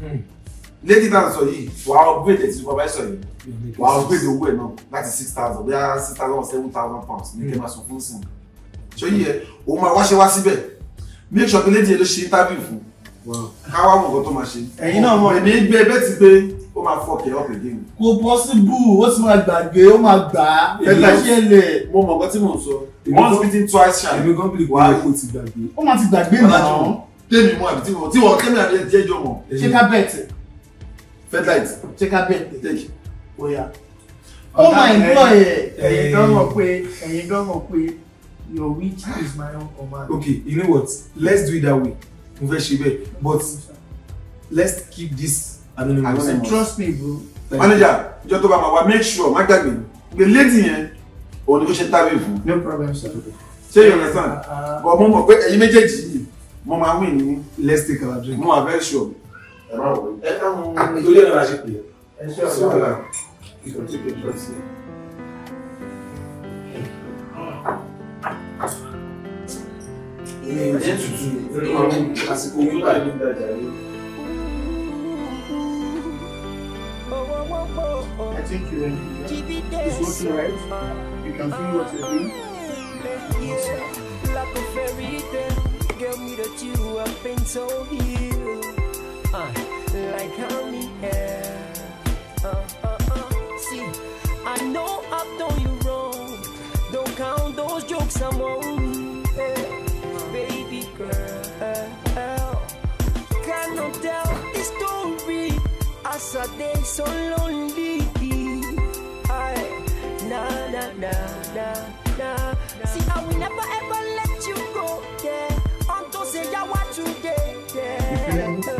hmm. lady dan sọ yìí wà á upgrade ẹ̀ tí supervisor yìí wà á upgrade owó ẹ̀ náà láti six thousand bí i six thousand seven thousand pounds ní kẹ́mà sọ fún sìn ṣé yìí ẹ òun máa wá ṣe wá síbẹ̀ make sure pé lady yẹn ló ṣe interview fún káwá mọ̀ nǹkan tó máa ṣe ẹ̀yin náà mọ̀ ẹ̀mí gbé ẹ ó máa fọ kẹ́ ọ̀pẹ̀ dé mi. kò pọ́síbù ó sì máa gbàgbé ó máa gbà á ẹgbẹ́ ṣẹlẹ̀. mo mọ̀ nǹkan tí mò ń sọ. once bitten twice shy. èmi gan bí wàá kò ti gbàgbé. ó máa ti gbàgbé náà. tèmi mọ àbí tí wọn tèmi àbí jẹjọ mọ. ṣé ká bẹ̀tẹ̀. fedlight. ṣé Check. bẹ̀tẹ̀. oya. ó máa ń gbọ́ ẹ̀ ẹ̀yin gan mọ̀ pé ẹ̀yin gan mọ̀ pé your witch is my own command. okay you know what let's do it that way mo fẹ́ ṣe bẹ́ẹ̀ but let's keep this anonymous anonymous trust me bro. manager ìjọ tó bá máa wá make sure má gbàgbé pé lady yẹn òun ni kò ṣe tábìlì fún. no problem sir. ṣé you understand but mo mọ̀ pé ẹ̀yin méjèèjì yìí mo máa win ní let's take our drink mo are very sure. ẹ má wọ ẹ ká mú torí ẹ̀ náà ṣe pè é. ẹ ṣe àlọ́ ìkọ̀tí kejì ọ̀sẹ̀. Ilé ìjẹ́ tuntun, àsìkò yóò bá yóò dájà yìí. I think you are here. it's working right. You can feel what you're doing. Like a fairy tale, girl, me that you have been so healed. Uh, like how me hair. Uh, uh, uh. See, I know I've done you wrong. Don't count those jokes I'm on. Baby girl, cannot tell the story. As a day so lonely. no, no, no. See how we never ever let you go, yeah. Until say you are today, yeah.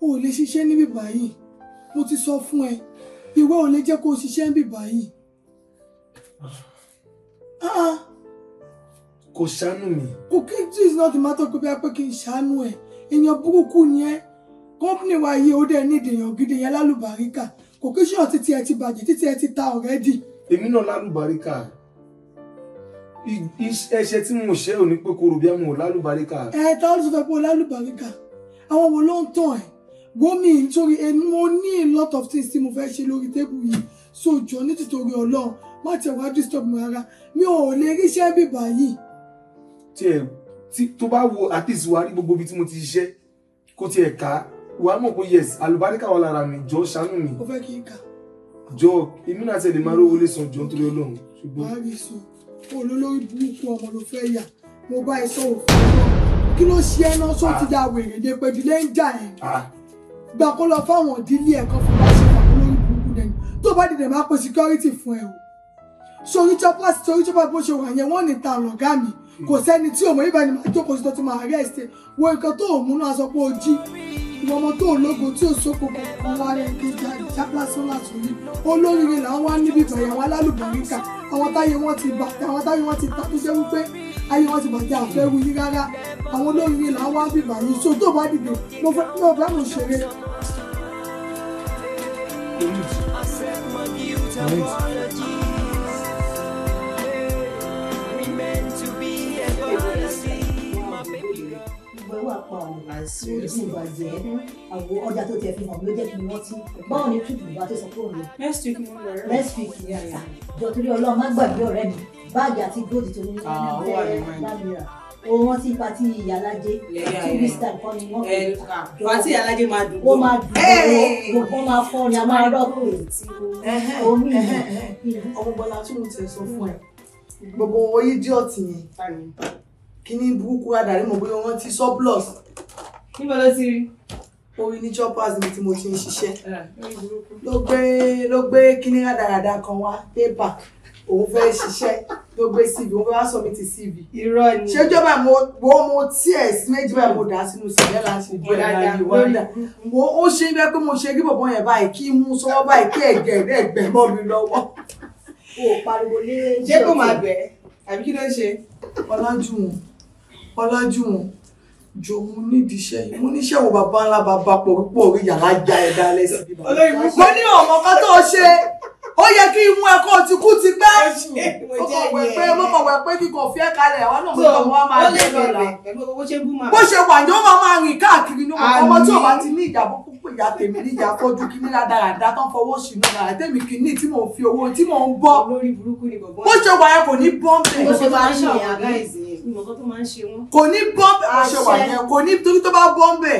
o ò lè ṣiṣẹ́ níbí báyìí mo ti sọ fún ẹ ìwé ò lè jẹ́ kó o ṣiṣẹ́ níbí báyìí. Ah, ah. kò ṣàánú mi. kò kí this is not the matter pé bíi pé kí n ṣàánú ẹ èèyàn burúkú ni ẹ kọ́ńpìnì wa yìí ó dẹ̀ ní ìdèyàn gidi yẹn lálùbáríkà kò kí ṣùgbọ́n títí ẹ ti bàjẹ́ títí ẹ ti ta ọ̀rẹ́dì. èmi náà lálùbáríkà ẹ̀ṣẹ̀ tí mo ṣe ò ní pé kò rò bí àwọn ò lálùbáríkà. ẹ ta ló sọ fẹ́ pé o lálùbáríkà àwọn wo ló ń tàn ẹ́ wómi nítorí ẹni mo ní a lot of things tí mo fẹ́ ṣe lórí tébù yìí so jọ ní tìtorí ọlọ́run má tẹ̀ wá disturb mi rárá mi ò lè ríṣẹ́ bíbá yìí. tí ẹ tí tó bá wo àtìsí wa rí gbogbo ibi tí mo ti ṣiṣẹ́ kó tiẹ̀ ká wàá mọ̀ pé yes àlùbáríkà wà lára mi jọ ṣàánú mi. ó fẹ́ kí n kà. jọ èmi náà tẹ̀lé máa rówó lè san jọ nítorí ọlọ́run ṣùgbọ́n. wàá rí sùn olólórí burúkú ọmọ ló fẹ́ yà mo bá ẹ sọ̀rọ̀ fún ọ kí ló ṣe ẹ náà sọ ti da wèrè dé pẹ̀lú lẹ́ńjà ẹ̀. Ah, gbà kó lọ fáwọn ìdílé ẹ̀kọ́ fún bá ṣe fà lórí burúkú dẹni tó bá dìde máa pe security fún ẹ o sori chopper sori chopper bó ṣe wà yẹn wọ́n ní ta lọ̀gá mi kò sẹ́ni tí òmò ibà ni màá jókòó sí tó ti máa rẹ́ẹ̀sì wo nǹkan tó òmùnú aṣọ pé o jí ìwọ̀mọ̀ tó ológo tí ò sóko kankan wá rẹ̀ kejì àjà láti rí olóríire là ń wá níbi ìbẹ̀rẹ̀ àwọn alálùbáríkà àwọn táyé wọn ti bà àwọn táyé wọn ti ta tó jẹ́ wípé ayé wọn ti bàjẹ́ àfẹ́ wí rárá àwọn olóríire là ń wá bìbà yìí so tó bá dìde mo fẹ́ mo fẹ́ mo ṣeré. Thank wà pa ọ̀hún ní ìdí ìbàjẹ́ àwọn ọjà tó tẹ̀ fi hàn ló jẹ́ kí wọ́n ti báwo ni túbù bá tó sọ pé òun lọ. next week ni mo lọ rẹ. next week ni àyà jọ torí ọlọ́run má gbàgbé ọ̀rẹ́ mi báàgì àti góòdì tó ní ní abẹ́rẹ́ lámìíràn o wọn ti pati ìyálàjẹ tv star kan ni wọn fi àjọ pati ìyálàjẹ máa dùn ó máa dùn ó wọn máa fọ ni a máa rọpò omi ìlú ọmọ bọlá tún ti sọ fún ẹ gbogbo owó jẹ́ ọ̀tí yẹn kíní burúkú adarí mo bóyá wọ́n ti surplus. níbo ló ti rí. orí ní choppers mi tí mo ti ń ṣiṣẹ́. ló gbé ló gbé kíní radaràda kan wá pépà òun fẹ́ ṣiṣẹ́ ló gbé cv òun fẹ́ wá submit cv. irọ́ ni ṣéjọba mo wo mo tí ẹ̀ sí méjì báyìí mo dà á sínú sílẹ̀ láti ju ẹ̀ láti wọ́dà mo ó ṣe bẹ́ẹ̀ pé mo ṣe rí bọ̀bọ̀ yẹn báyìí kí mú sọ́wọ́ báyìí kí ẹ̀jẹ̀ rẹ̀ mọ́ mi lọ́wọ́. o pariwo lé ṣé kò máa bẹ̀ àbí kí ló ń ṣe. ọlájú wọn ọlájúwọn jọ mo nídìí iṣẹ́ yìí mo níṣẹ́ wo bàbá ńlá bàbá pòrúpò orí yàrá já ẹ dálẹ sí ibi bàbá. mo ní ọmọ kan tó ṣe ó yẹ kí imú ẹkọ ti kú ti pẹ́ ọkọ̀ wẹ̀ pé ọkọ̀ wẹ̀ pé kíkan fi ẹ́ kalẹ̀ àwọn náà mọ̀ wọ́n máa lè lọ́la bó ṣe wà ní ó máa máa rìn káàkiri ní ọmọ tí ò bá ti ní ìjà púpọ̀ pé ìyá tèmi níjà fọ́jú kí nílá dáradá tán fọwọ́ sínú ara tèmi kì í ní tí mò ń fi owó tí mò ń bọ́ bó ṣe wà ẹ kò ní bọ́ńbẹ́. bó ṣe máa ń ṣàwọn gáìsì ìmọ̀kan tó máa ń ṣe wọ́n. kò ní bọ́ bẹ́ẹ̀ kò ṣe wà yẹn kò ní torí tó bá bọ́ ń bẹ̀.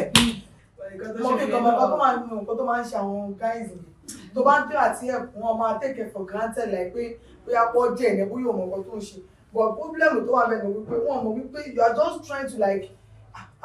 mo fi kàn bàbá tó máa ń mú nǹkan tó máa ń ṣe àwọn guys tó bá ń dé àti ẹ̀kún ọmọ atẹ́kẹ̀ for granted láì pé bóyá pọ́ jẹ́ ẹ̀ bóyá òmùnkan tó ń ṣe but problem tó wà bẹ́ẹ̀ ni wípé wọ́n mọ̀ wípé you are just trying to like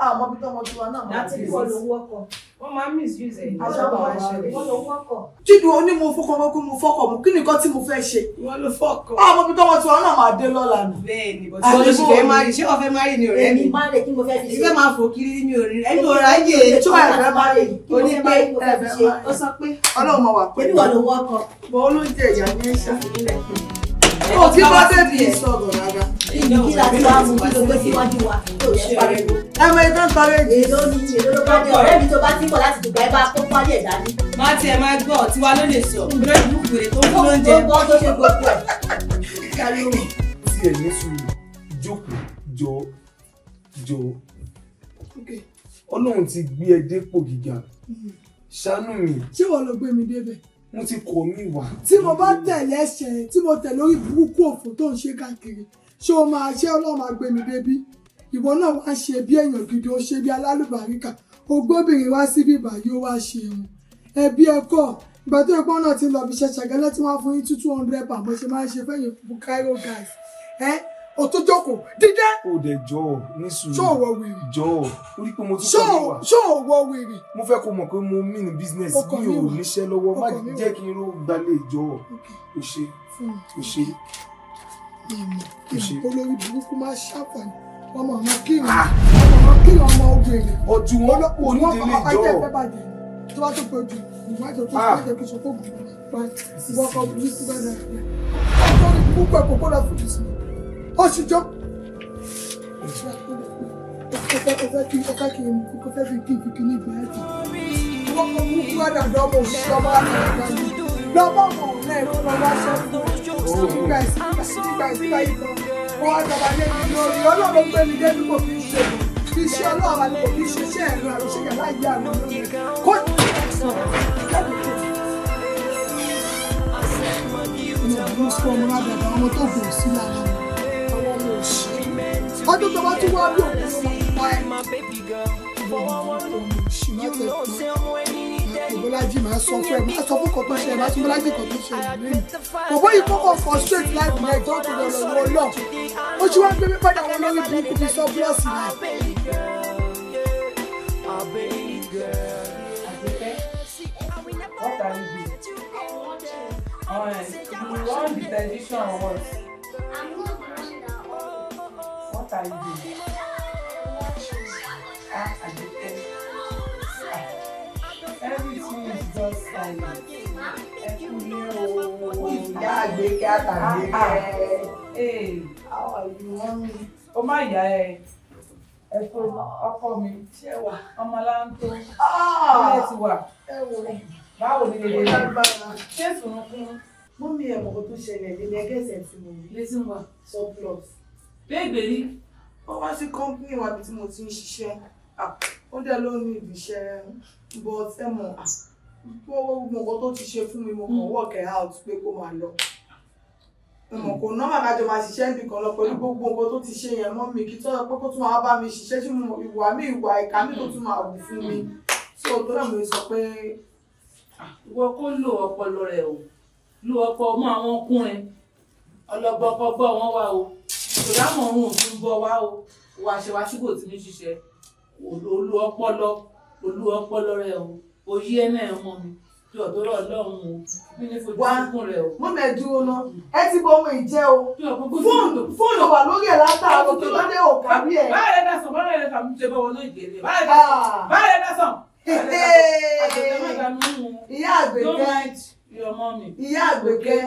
àmọ́ ah, bí tọ́mọ tiwa náà máa ti pọ̀ lówó ọkọ̀ wọ́n máa misuse ẹ̀ aṣáájú máa ṣẹlẹ̀ wọ́n lówó ọkọ̀. jíde o ní mo fọkàn mọ́ pé mo fọkàn mọ́ kí ni nǹkan tí mo fẹ́ ṣe. wọ́n ló fọkàn. àmọ́ ah, bí tọ́mọ tiwa náà máa dé lọ́la nù. bẹ́ẹ̀ni bọ́tí wọ́n ah, ló ṣe fẹ́ máa rí ṣé wọ́n fẹ́ máa rí ni ọ̀rẹ́ mi. èmi máa rè kí mo fẹ́ fi ṣe. ìfẹ́ máa fò kiri ní mi ò rí ẹni òra yé e. tó ẹ̀fẹ́ máa rè kí mo fẹ́ máa rí mo fẹ́ fi ṣe. ó sọ pé ọlọ́run o oh, ti bá bẹ́ẹ̀bì yìí sọ̀rọ̀ rárá. ìdílé àti wàá mú kí ló gbé síwájú wa tó yẹ pariwo. ẹ mọ ẹgbẹ́ ń parẹ́ yìí. èló ni èló ló bá dé ọ̀rẹ́ mi tó bá ti ń bọ̀ láti Dubai bá kó pálí ẹ̀ dání. má tiẹ̀ máa gbọ́ tiwa ló lè sọ lórí ìbúkúrẹ́ tó ń fún lóúnjẹ. ó gbọ́ tó ṣe gbogbo ẹ̀ kárí òun. tí ẹ̀ ní sùúrù jókòó jọ jọ Ọlọ́run ti gbé ẹ dépò gíga mm-hmm. ṣàánú mi. ṣé wọ́n lọ gbé mi débẹ̀? mo ti kò mí wá. tí mo bá tẹ̀lé ẹsẹ̀ tí mo tẹ̀lé orí burúkú òfò tó ń ṣe káàkiri ṣé o máa ṣe ọlọ́run máa gbé mi débí ìwọ náà wá ṣe bí èèyàn gidi o ṣe bí alálùbáríkà o gbóbìnrin wá sí bíbà yóò wá ṣe irun ẹbí ẹkọ ìgbà tó ẹ̀gbọ́n náà ti lọ fi ṣẹṣẹ gẹlẹ tí wọn fún yín two hundred pound bó ṣe máa ń ṣe fẹyìn fún cairo guys ẹ o tún jókòó dídé. o dẹ jọ ní sùúrù ṣó wọ wèrè. jọ orí pé mo tún kọ mi wà. ṣó wọ wèrè. mo fẹ́ kó mọ̀ pé mo mí ní bísínẹ́sì mi ò níṣẹ́ lọ́wọ́ má jẹ́ kí n ró gbalẹ̀ jọ o ṣe o ṣe o ṣe. olórí burúkú máa ṣàfàní ọmọ ah! ọmọ kírun ọmọ kírun ọmọ obìnrin. ọjọ́ wọn kò ní délé jọ. tó ah! tó pẹ́ jù ìwádìí ọjọ́ tó jẹ́ kí sọ fún mi. ìwọ́kọ̀ burúkú bẹ́ẹ̀ náà. ọjọ́ ìbúkọ̀ ẹ̀kọ́ kó lọ fún mi sí i ó sì jọ. kò fẹ́ fi kí n fi kí ní ìgbà ẹ̀jẹ̀ wọ́n kò mú kúrò dàdọ́ ọmọ òṣìṣẹ́ ọmọ àti ìgbà mi lọ́wọ́ ọmọ ọ̀rẹ́ ló lọ wá sọ fún nígbà ìsìnkà ìsìnkà ìbọn wọn á dàbà lẹ́nu lórí ọlọ́run gbé mi débi kò fi ṣe ọlọ́run àti kò fi ẹ̀rọ àròṣẹ́yà láyé àwọn olórí kó ọmọ tó gbòòsí lára wọn ọdún tó bá tún wá bí òkú ló máa pa ẹ. bọ́lájì máa sọ fún ẹ máa sọ fún kọ̀ọ̀kan ṣe máa sọ bọ́lájì kọ̀ọ̀kan ṣe lẹ́yìn bọ̀bọ́ yìí kọ́kọ́ frustrate láti ní ẹjọ́ tó lọ lọ́wọ́ lọ ó ṣe wá gbé mi padà wọn lórí burúkú fi sọ búlọ́ọ̀sì náà. What are you doing? Alright, you want the tradition or what? outside you. Ah, I Everything is just silent. Ẹkúnlé o. Ìyá àgbékẹ́ àtàgbékẹ́. Ee, how are you, mommy? Oh my God! ẹ. Ẹ̀fọ́ ọkọ mi. Ṣé wà? Ọmọ aláǹtó. Ilé ti wà. Ẹ wò ó. Báwo ni lè lè lè? Ṣé sùnùkún? Mú mi ẹ̀mọ̀ kó tó ṣẹlẹ̀ nílẹ̀ gẹ̀ẹ́sẹ̀ tí mo rí. Lé sí wa. Bẹ́ẹ̀ gbèrí wọ́n wá sí kọ́ńpínì wa bí tí mo ti ń ṣiṣẹ́ ah, ó dẹ̀ ló ní ibiṣẹ́ but ẹ mọ̀ ah, gbogbo nǹkan tó ti ṣe fún mi mo kàn hmm. work ẹ̀ out pé kó máa lọ mo hmm. kò ná màmá jọ máa ṣiṣẹ́ níbi kan lọ pẹ̀lú gbogbo nǹkan tó ti ṣe yẹn mọ́ mi kí tọ́jọ́ pé kó tún máa bá mi ṣiṣẹ́ tí mo ìwà mi ìwà ìka mi tó tún máa wù fún mi tí o tó náà mo sọ pé. Ah, wọ́n kó lo ọpọlọ rẹ̀ o lo ọpọ mọ́ àwọn ọkùnrin ọlọ́gbọ́kọ́gbọ́ wọn wà o kò dáhùn ọ̀run òtún bọ̀ wá o wà ṣe wá síbò tí mi ṣiṣẹ́ olú ọpọlọ olú ọpọlọ rẹ o òye ẹ mọ mi kí ọ̀dọ́rọ̀ ọlọ́run o bí ní fojú sunkún rẹ o. mo mẹ dúró ná ẹ ti bọ ohun ìjẹ o fóònù fóònù wà lórí ẹ látàárọ tó bá dé òkà ẹ. báyọ̀ rẹ̀ dásán báyọ̀ rẹ̀ kàmú ṣe bọ́ wọnú ìgbèrè báyọ̀ rẹ̀ dásán. ìyá àgbẹ̀kẹ́ ìyá àgbẹ̀kẹ́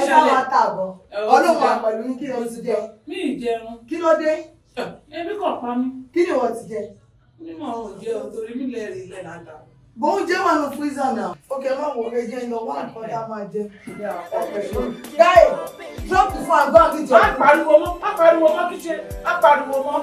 ẹ bá wa tààbọ̀ ọlọ́run àpẹ̀lú ní kí ló ti jẹ. mi ì jẹun. kí ló dé. ebi kàn pa mí. kí ni wọ́n ti jẹ. mímọ ò jẹ o torí mi lè rí ilẹ̀ láta. bó ń jẹ́ wọn ní freezer náà. òkè máa wọ ẹjẹ lọ wá nǹkan tá a máa jẹ. guy drop the phone go and get your. a pariwo mọ́ a pariwo mọ́ kí ṣe a pariwo mọ́.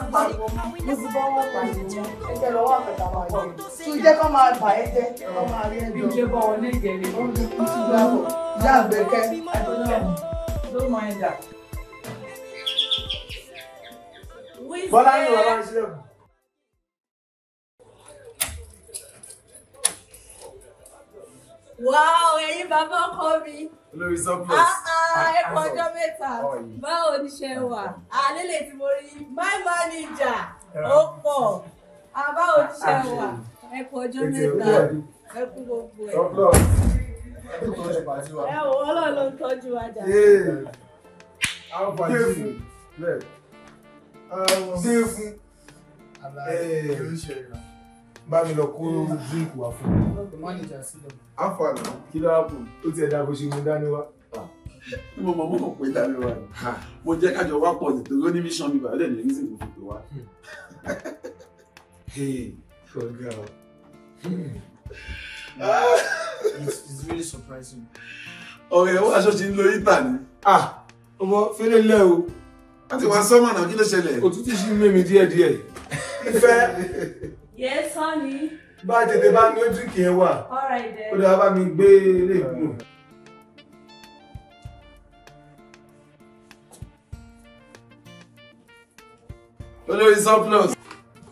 a pariwo mọ́ mo ti bọ́ wọn pariwo mọ́ ẹjẹ lọ wá nǹkan a máa jẹ. tún jẹ́ kó máa bà ẹ́ jẹ́ kó máa rí ẹ̀ jọ. bí o ṣe bọ́ wọn ní ìjẹ́rìí. ó ń gbé bọ̀ ìyá àgbẹ̀kẹ́ àgbẹ̀lọ́run don't mọ ẹ̀dà. bọ́lá ní ìwà láti ṣe ẹ̀kọ́. wáá ẹ̀yin bàbá ọkọ mi lórí surplus. Ah, ah, ah, ẹ kú ọjọ́ mẹ́ta báwo ni ṣe wà àlélè tí mo rí my manager ó pọ̀ àbáwo ni ṣe wà ẹ kú ọjọ́ mẹ́ta ẹ kú gbogbo ẹ̀ ẹ wọ Ọlọ́run ló ń tọ́jú ajá. défù défù bá mi lọ kó díríkù wá fún mi. àfààní kí ló hàpù ó ti ẹ̀dá bó ṣe mú dání wá. Ah. mo mọ mo mọ pé dání wá ni mo jẹ́ kájọ wá pọ̀ nítorí ó ní mission mi bàbá dẹ̀ ní reason mo fi pè wá. ọ̀gá hmm. o it's, really surprising. ọ̀rẹ́ wọn aṣọ ti ń lo ìta ni. ah ọmọ fẹlẹ lẹ o. wọ́n ti wá sọ́mọ̀ náà kí ló ṣẹlẹ̀. òtútù sì ń mímí díẹ̀díẹ̀. ìfẹ́. yes honey. bá a tètè bá ní ojú kì í wà. all right then. ó dáa bá mi gbé ilé ìgbìmọ̀. olórí surplus.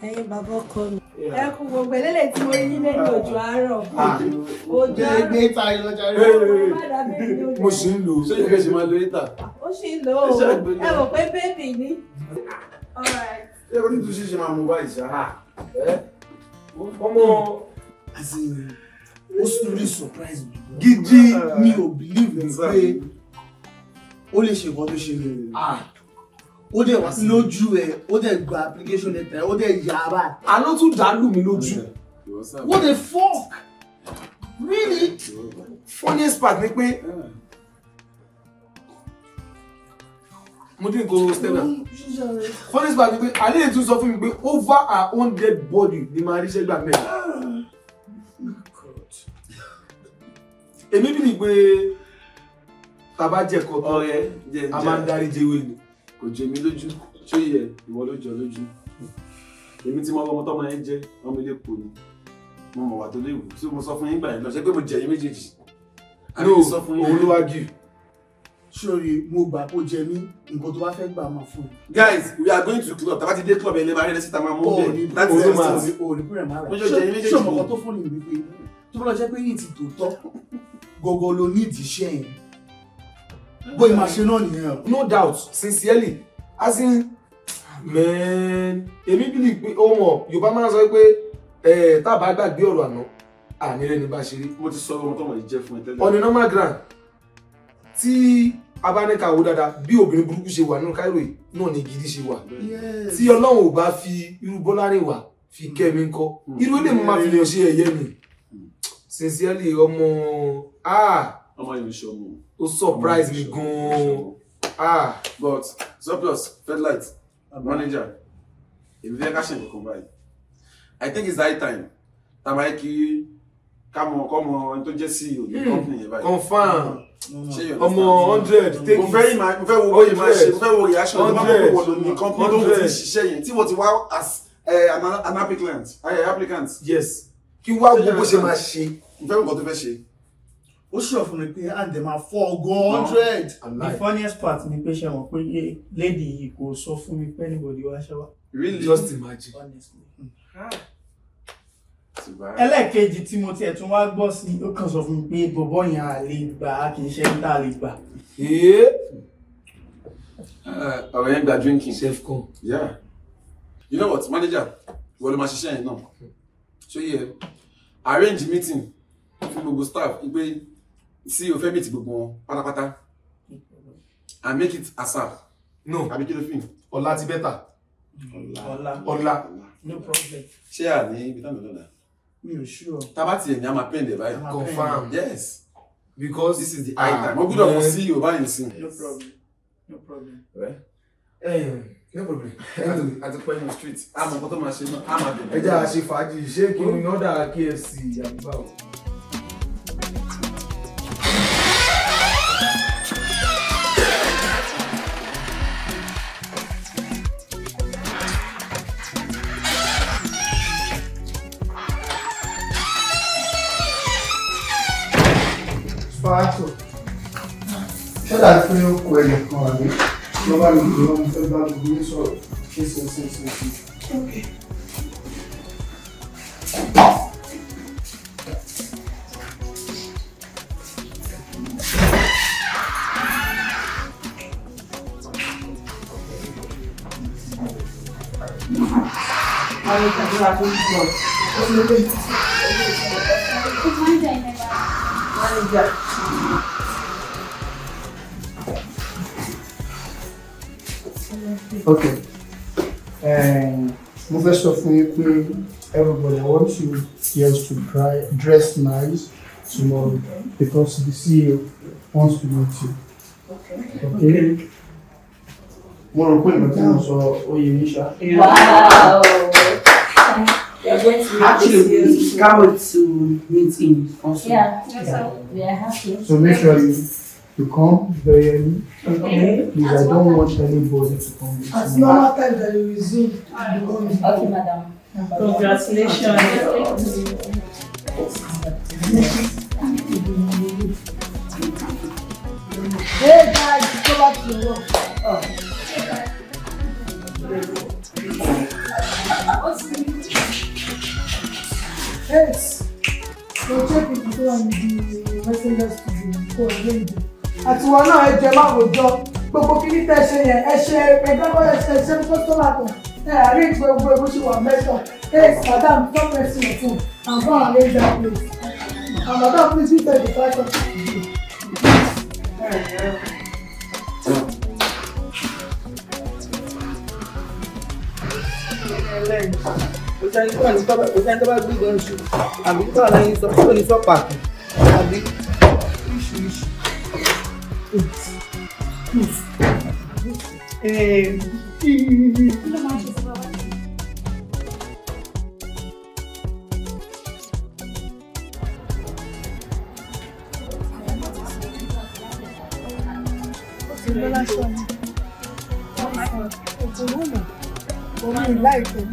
ẹyin bàbá ọkọ mi ẹ kú gbogbo eléyìí tí mo yí lẹ́yìn òjò àárọ̀ òjò ah. ah. àárọ̀ gbé ta ẹ lọ́jà mo sì ń lò ó sẹ́yìn kẹ́sì máa lo éta. Ah. ó sì ń lò ó ẹ mọ̀ pé bébì ni. ṣé o ní tún ṣíṣe máa mú báyìí ṣá ọmọ. ó sùúrù surprise mi gidi mi ò believe pé ó lè ṣe nǹkan tó ṣe rere ó dẹ̀ wá sí lójú ẹ̀ ó dẹ̀ gba application letter ó dẹ̀ yà á báyìí. àná tún dá lù mí lójú what the fuck really funniest part ni pé mo dín nǹkan stella funniest part ni pé alẹ́ ètò sọ fún mi pé over her own dead body ni màá ríṣẹ́ gbà mẹ́rin èmi bí ni pé bàbá jẹ̀kọ̀ tó a máa ń dárí jẹ́wé ni kò jẹ mí lójú tí ó yẹ ìwọ ló jọ lójú èmi tí mo lọmọ tọmọ yẹn jẹ ọmọ ilé po ni mo mọ̀ wà tó léwu tí mo sọ fún yín gbà yẹn lọ ṣe pé mo jẹ yín méjèèjì àbí òun ló wá gíw. sori mo gbà kó jẹ mí nǹkan tó bá fẹ́ gbà máa fún mi. guys we are going to club tàbá ti dé club yẹn lè máa máa mú bẹ́ẹ̀ láti ṣe máa rí òòlù pẹ̀rẹ̀ máa rà ṣé ọmọ kan tó fún mi wípé tó bá lọ jẹ́ pé yìí ti tòótọ́ gọ́gọ́ ló ní ìdíṣẹ́ yẹn bó ìmọ̀ ṣe náà nìyẹn. no doubt sincerely as in man èmi bí lè pe ohun ọ yorùbá máa ń sọ pé ẹ tábà gbàgbé ọ̀rọ̀ àná ànírẹ́ ni bá ṣe rí. mo ti sọ ohun tó wọ̀nyí jẹ́ fún ẹ tẹ́lẹ̀. on a normal ground tí a bá ní ká wò dáadáa bí obìnrin burúkú ṣe wà nínú Cairo yìí náà ni gidi ṣe wà tí ọlọ́run ò bá fi irú Bọ́lárìn wà fi kẹ́mi ńkọ́ mm. irú ilé mi máa fi lè ṣe ẹ̀yẹ mi mm. sincerely ọmọ ah ọmọ yìí ṣe ọmọ ó surprise mi gan ah but surplus fedlight manager èmi fẹ́ ká ṣe nǹkan báyìí i think it's high time tàbá kí kámọ kọmọ ẹni tó jẹ́ sí òní e hmm. company yẹn báyìí. confam ọmọ hundred take it mo fẹ́ ìmọ̀ mo fẹ́ wo bóyá máa ṣe mo fẹ́ wo reaction tó bá kọ́kọ́ wọlé ní company tó ti ṣiṣẹ́ yẹn tí wọ́n ti wá as eh, an eh, applicant yes kí wá wo bó ṣe máa ṣe. mo fẹ́ wo nǹkan tó fẹ́ ṣe ó ṣọ̀ fún mi pé and them are four hundred. the funniest part ni pé ṣe wọn pé lady yìí kò sọ fún mi pé anybody wá ṣe wá. really just imagine. honestly. Hmm. ẹlẹ́ẹ̀kejì tí mo tiẹ̀ tún wá gbọ́ sí ó kàn sọ fún mi pé bọ̀bọ̀ yẹn à lè gbà á kì í ṣe ń tà lè gbà. Eh, ọ̀rọ̀ yẹn gba drinking. self com. yeah you know what manager ìwọ ló máa ṣiṣẹ́ yẹn náà ṣó yẹ arrange meeting fún gbogbo staff pé sí o fẹ́ mìtì gbogbo wọn pátápátá I make it asap. no àbí kí ló fi ọ̀la ti bẹ́tà. ọ̀la ọ̀la no problem. ṣé à ní ibi táwọn ọ̀la. mi ò ṣú ọ. tábà tiẹ̀ ní a máa pẹ́ǹdẹ̀ báyìí. confam yes because this is the ah, eye. time. mo gbúdọ̀ mọ̀ sí yorùbá yìí sí. no problem no problem. no problem àti pẹ́ ní street. a mọ̀ kó tó máa ṣe náà a máa bẹ̀rẹ̀. ẹ jẹ́ àṣefàájì ṣé kí ni ọ̀dà KFC àbí báwo. pé ó kọ ẹnì kan àbí ló bá mi gbé wọn mo fẹ́ bá gbogbo yín sọ̀rọ̀ ṣé ok and fẹ́ of fún everybody i want you girls to dry, dress nice tomorrow because the CEO wants to meet you okay. okay. okay mo rò pé nǹkan tí mo sọ Actually, we to meet him also. Yeah, yeah. yeah. we are happy. So make sure you to come very early. Okay. Please, I don't want any anybody to come. As normal time that you resume, Okay, madam. Congratulations. Hey guys, go back to work. Oh. Yes. So check if you go and the messengers to the phone. tiwa náà ẹ jẹ má rojọ́ gbogbo kí ní tẹ ṣe yẹn ẹ ṣe ẹgbẹ́gbọ́ ẹ ṣe fún kọ́sọ́màtọ̀ ẹ àrí gbogbo ẹ bó ṣe wà mẹ́tọ̀ ẹ madam top person of two and go and raise that place and madam please be fair to the fashion. kò sẹ́ni tó bá gbígbọ́n ṣù àbí tó àlàyé sọ kó ní sọ pàtó àbí. Láìpẹ́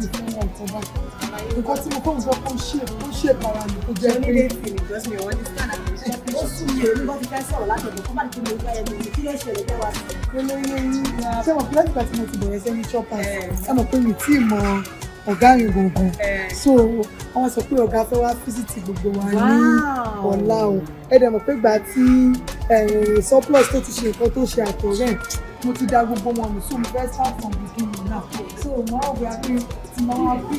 ti fún wọn tó bá nǹkan tí mo kọ́ nǹkan kan ṣe kó ṣe para mi kó jẹ́ pé. onílé ìfìlì ìjọsìn ìwọ ní sílẹ̀ àti ìṣẹ́fì. ó sì yẹ mi bá fi fẹ́ sọ̀rọ̀ látọ̀dọ̀ kó má ti mo gbá ẹni kí ló ṣẹlẹ̀ jẹ́ wa sí. ṣé mo pẹ́ nígbà tí mo ti bẹ̀rẹ̀ sẹ́ni ṣọ́pà ẹ mọ̀ pé mi tí ì mọ ọ̀gá yẹn gbọ̀ngàn so wọ́n sọ pé ọ̀gá fẹ́ wá físítì gbogbo wa ní ọ̀la o ẹ dẹ̀ mọ̀ pé gbà tí eh, surplus tó ti ṣe nǹkan tó ṣe àtọ̀rẹ́ mo ti da gbogbo wọn nù so mo fẹ́ start from beginning now so mo rò wí pé tí mo máa fi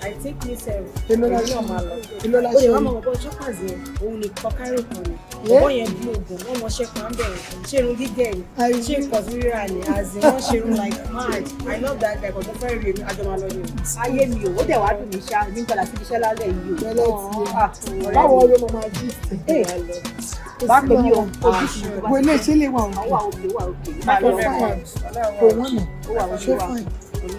I take you sef. Èló la yóò máa lọ. wá mọ̀ bọ́ Jokers yẹn, òun ní kọ́kárì kan ni. Bọ́bọ́ yẹn bí oògùn, wọ́n mọṣẹ́ pa ń bẹ̀rẹ̀. irun gígẹ̀ ni? Ṣé nǹkan tó ríra ni? Àzìn wọ́n ṣe irun like mad. I love that guy, bọ̀dọ̀ fẹ́ rí èmi àjọmọ̀ ni. Ayé mi ò, ó dẹ̀ wá dùn mí ṣá, mi padà síbi iṣẹ́ lálẹ́ yìí o. Ah, Báwo ló mọ máa jí ìsìn? Bá pè mí o, ah, ojúṣe ilé iṣẹ́ lè wà òkè. Àwọn àwọn òkè wà òkè. Bá lọ rẹ̀ wà. Kò wọ́n mọ̀. Ó wà òkè wà.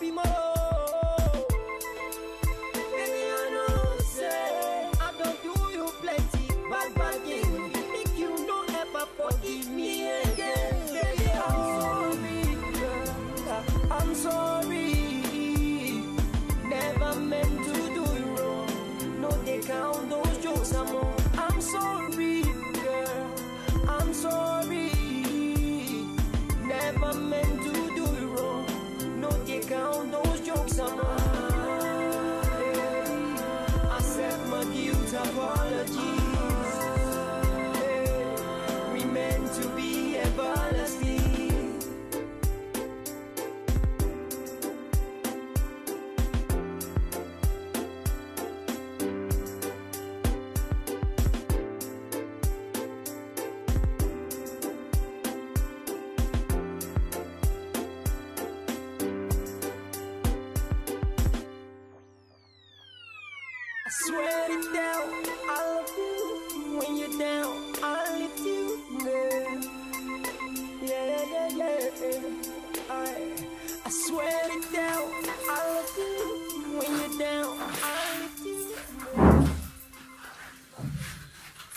Be more I'm sorry, girl. I'm sorry. Never meant to do you wrong. No take out those jokes, I'm I swear it down, I love you. When you're down, I lift you, girl. Yeah, yeah, yeah, yeah. I, I swear it down, I love you. When you're down, I lift you, girl.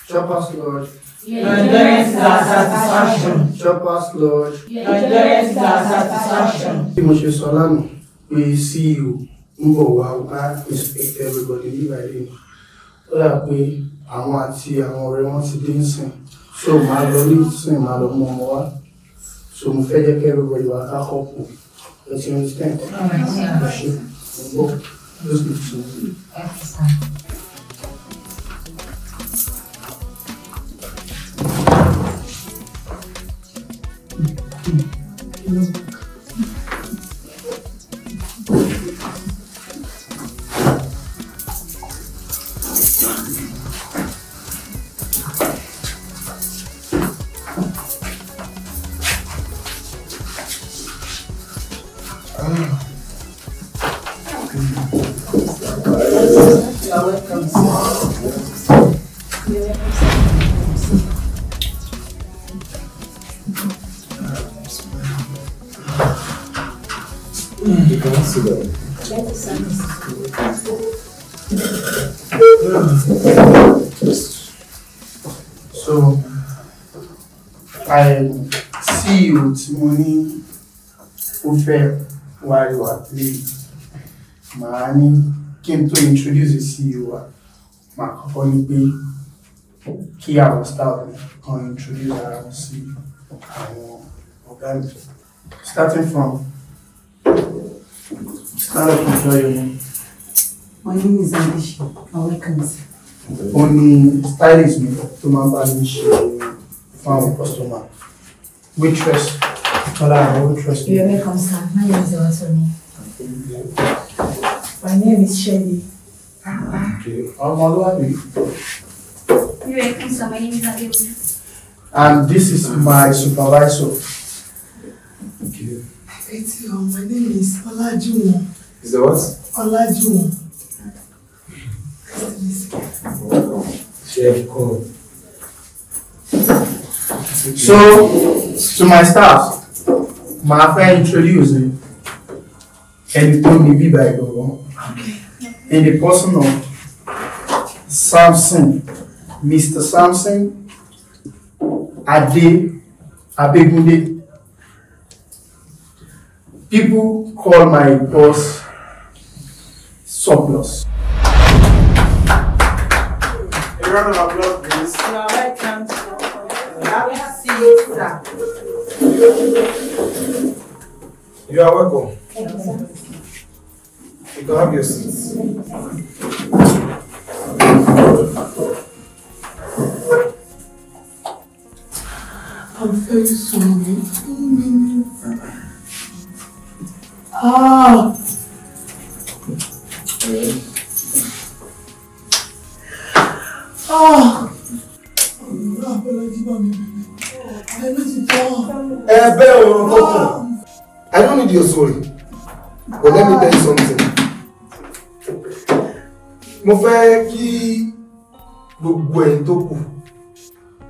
Help us, Lord. Your is our satisfaction. Help us, Lord. Your endurance is our satisfaction. Timothy Solano, we see you. níbọ̀ wá wá respect everybody nígbà ilé mi ó dà pé àwọn àti àwọn ọ̀rẹ́ wọn ti dé nsìn so màá lọ ní nsìn màá lọ mú ọmọ wá so mo fẹ́ jẹ́ kí everybody wá ká kọ́pù ẹ ti understand ẹ ṣe mo gbọ́ lóṣù tó. màá ní kí n tó introduce CEO wa màá kọ́kọ́ ní pé kí àwọn staff kan introduce ara wọn sí àwọn ọ̀gá mi starting from start up with your name. My name is Adishi. I welcome you. ó ní stylist mi tó máa ń bá mi ṣe fáwọn customer waitress. Hola, waitress. You're welcome, sir. My name is Ewatomi name is ìyẹn mi ṣẹlẹ̀. ọmọ ló wà ní. And this is my supervisor. Okay. My name is Olajuwon. Is that what? Olajuwon. Chef So, to my staff, my friend màá fẹ́ introduce ẹni tó ní bíbá ìgbọ̀ngàn. In the person of Samson, Mr. Samson Ade Abegunde. People call my boss surplus. A round of applause, please. You are welcome. Have seat, sir. You are welcome. Thank you, sir. You can have your I'm very sorry. Ah! Ah! Eh, I don't need your sorry, but let me tell you something mo fẹ́ kí gbogbo ẹ̀yin tó kù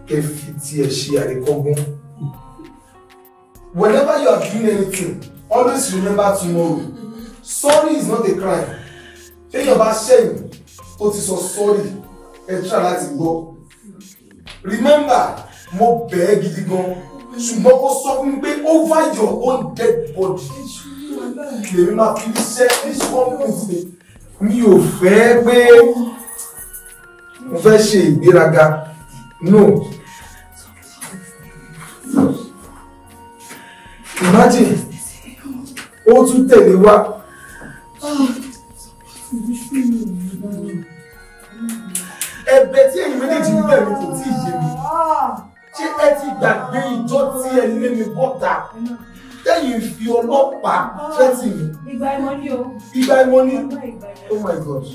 kẹ́ fi tiẹ̀ ṣe àríkọ́gbọ́n whenever you are doing anything always remember tomorrow sorry is not a crime téèyàn bá ṣẹ̀yìn ó ti sọ sorry ẹ tíra láti gbọ́ remember mo bẹ̀ ẹ́ gidi gan ṣùgbọ́n ó sọ fún mi pé over your own dead body lèmi máa fi ṣe this one move mi ò fẹ́ pé mo fẹ́ ṣe ìgbéraga no imagine ó tún tẹ̀lé wá ẹ̀bẹ̀ tí èyí méjèèjì ń bẹ̀rù kò tí ì yé mi ṣé ẹ ti gbàgbé ìjọ tí ẹ lé mi bọ́ta tẹ́yìn fi ọlọ́pàá fẹ́ tì mí. ìgbà ìmọ̀ ni o. ìgbà ìmọ̀ ni oh my god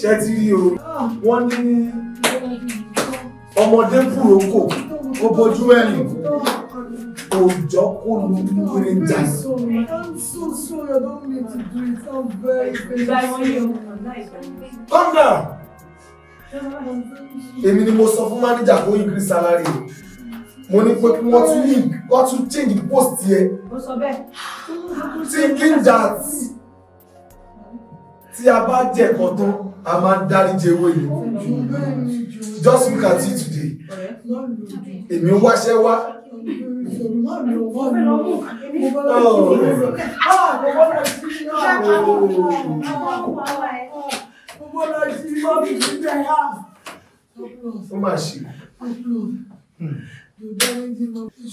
ṣe ti rí o wọ́n ní ọmọdé kúròkò ó bójú ẹ̀yìn òjò kò lu lórí ìjà. calm down èmi ni mo sọ fún mánéjà kó increase salary mo ní pé kí wọ́n tún yí wọ́n tún change post yẹ thinking that tí a bá jẹ ẹ̀kọ́ tán a máa ń dáríjì owó yìí just look at you today èmi wáṣẹ́ wá. ó mà ṣe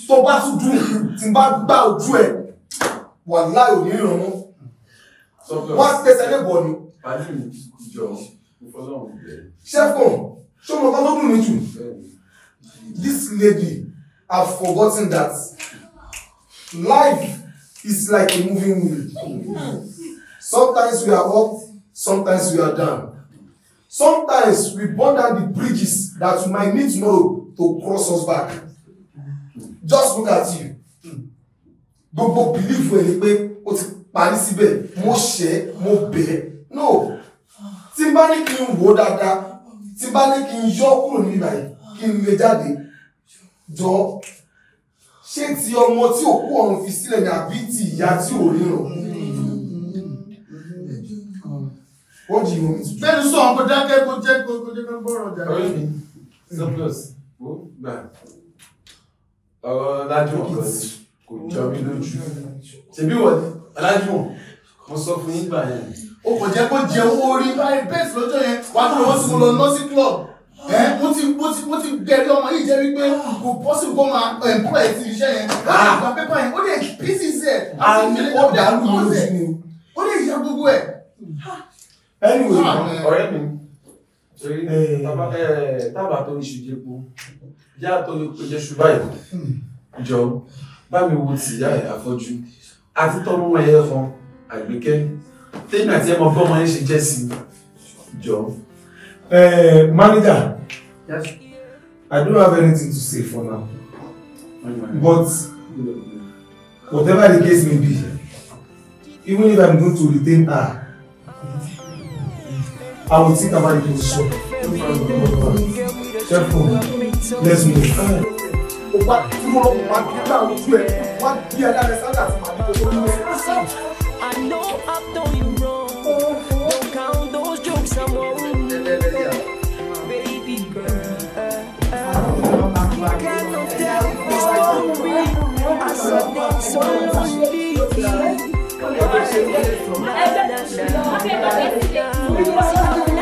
tó bá tún tí n bá gbá ojú ẹ wà láì òní ìrànwọ́ wọ́n tẹsẹ̀ lè bọ̀ ni. ṣẹ́fún ṣọmọ kan tó dùn mí jù this lady have forgotten that life is like a moving wheel sometimes we are up sometimes we are down sometimes we burn down the bridges that we might need tomorrow to cross us back just look at you hmm. gbogbo belief wẹ̀ ni pé o ti parí síbẹ̀ mo ṣẹ̀ mo bẹ̀ no tí bá ní kí n wò dáadáa tí bá ní kí n yọ kúrò níbi báyìí kí n lè jáde jọ ṣé ti ọmọ tí òkú ọ̀run fi sílẹ̀ ní àbí ti ìyá tí ò ríran. ó di ìwọ̀n bẹ́ẹ̀ni sọ ọ̀pọ̀ dákẹ́ kó jẹ́ kó jẹ́ kó gbọ́rọ̀ jà. ọ̀rẹ́ mi surplus ó gbà ọ̀rọ̀ lájú ọ̀rọ̀ kò jọ mí lójú ṣebí wọ̀nyí aláìfò mo sọ fún yín gbà yẹn o kò jẹ́ kó jẹ owó orí báyìí bẹ́ẹ̀ sí lọ́jọ́ yẹn wàá tó lọ́wọ́ sí mo lọ nọ́ọ̀sì club ẹ mo ti mo ti mo ti gẹrí ọmọ yìí jẹ́ wípé kò bọ́sì kó máa ẹ̀mpọ́ ẹ̀ ti iṣẹ́ yẹn ó lè gba pépà yẹn ó lè píìsì sẹ̀ àti ó lè kọ́ sẹ̀ ó lè ya gbogbo ẹ̀. anyway ah. ọ̀rẹ́ mi eh. Eh, tábà tó iṣu jẹ po yá tó lè pèjẹ àti tọmọ ẹyẹ kan àgbékẹ́ tèmi àti ẹmọ gbọmọ yẹn ṣe jẹ́ sí jọ. manager i don't have anything to say for now but whatever the case may be even if i'm going to retain her i will think about it the position careful let's move o bá tí mo lọ́kùn máa gbé láàrú ojú ẹ̀ wá bí adára sáńdà àti màmí tó tó lórí ẹ̀. I know I'm doing wrong. Don't count those jokes I'm owing you. Baby girl. You cannot tell the story. I said that so lonely. Na na na na na na.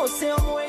o seu é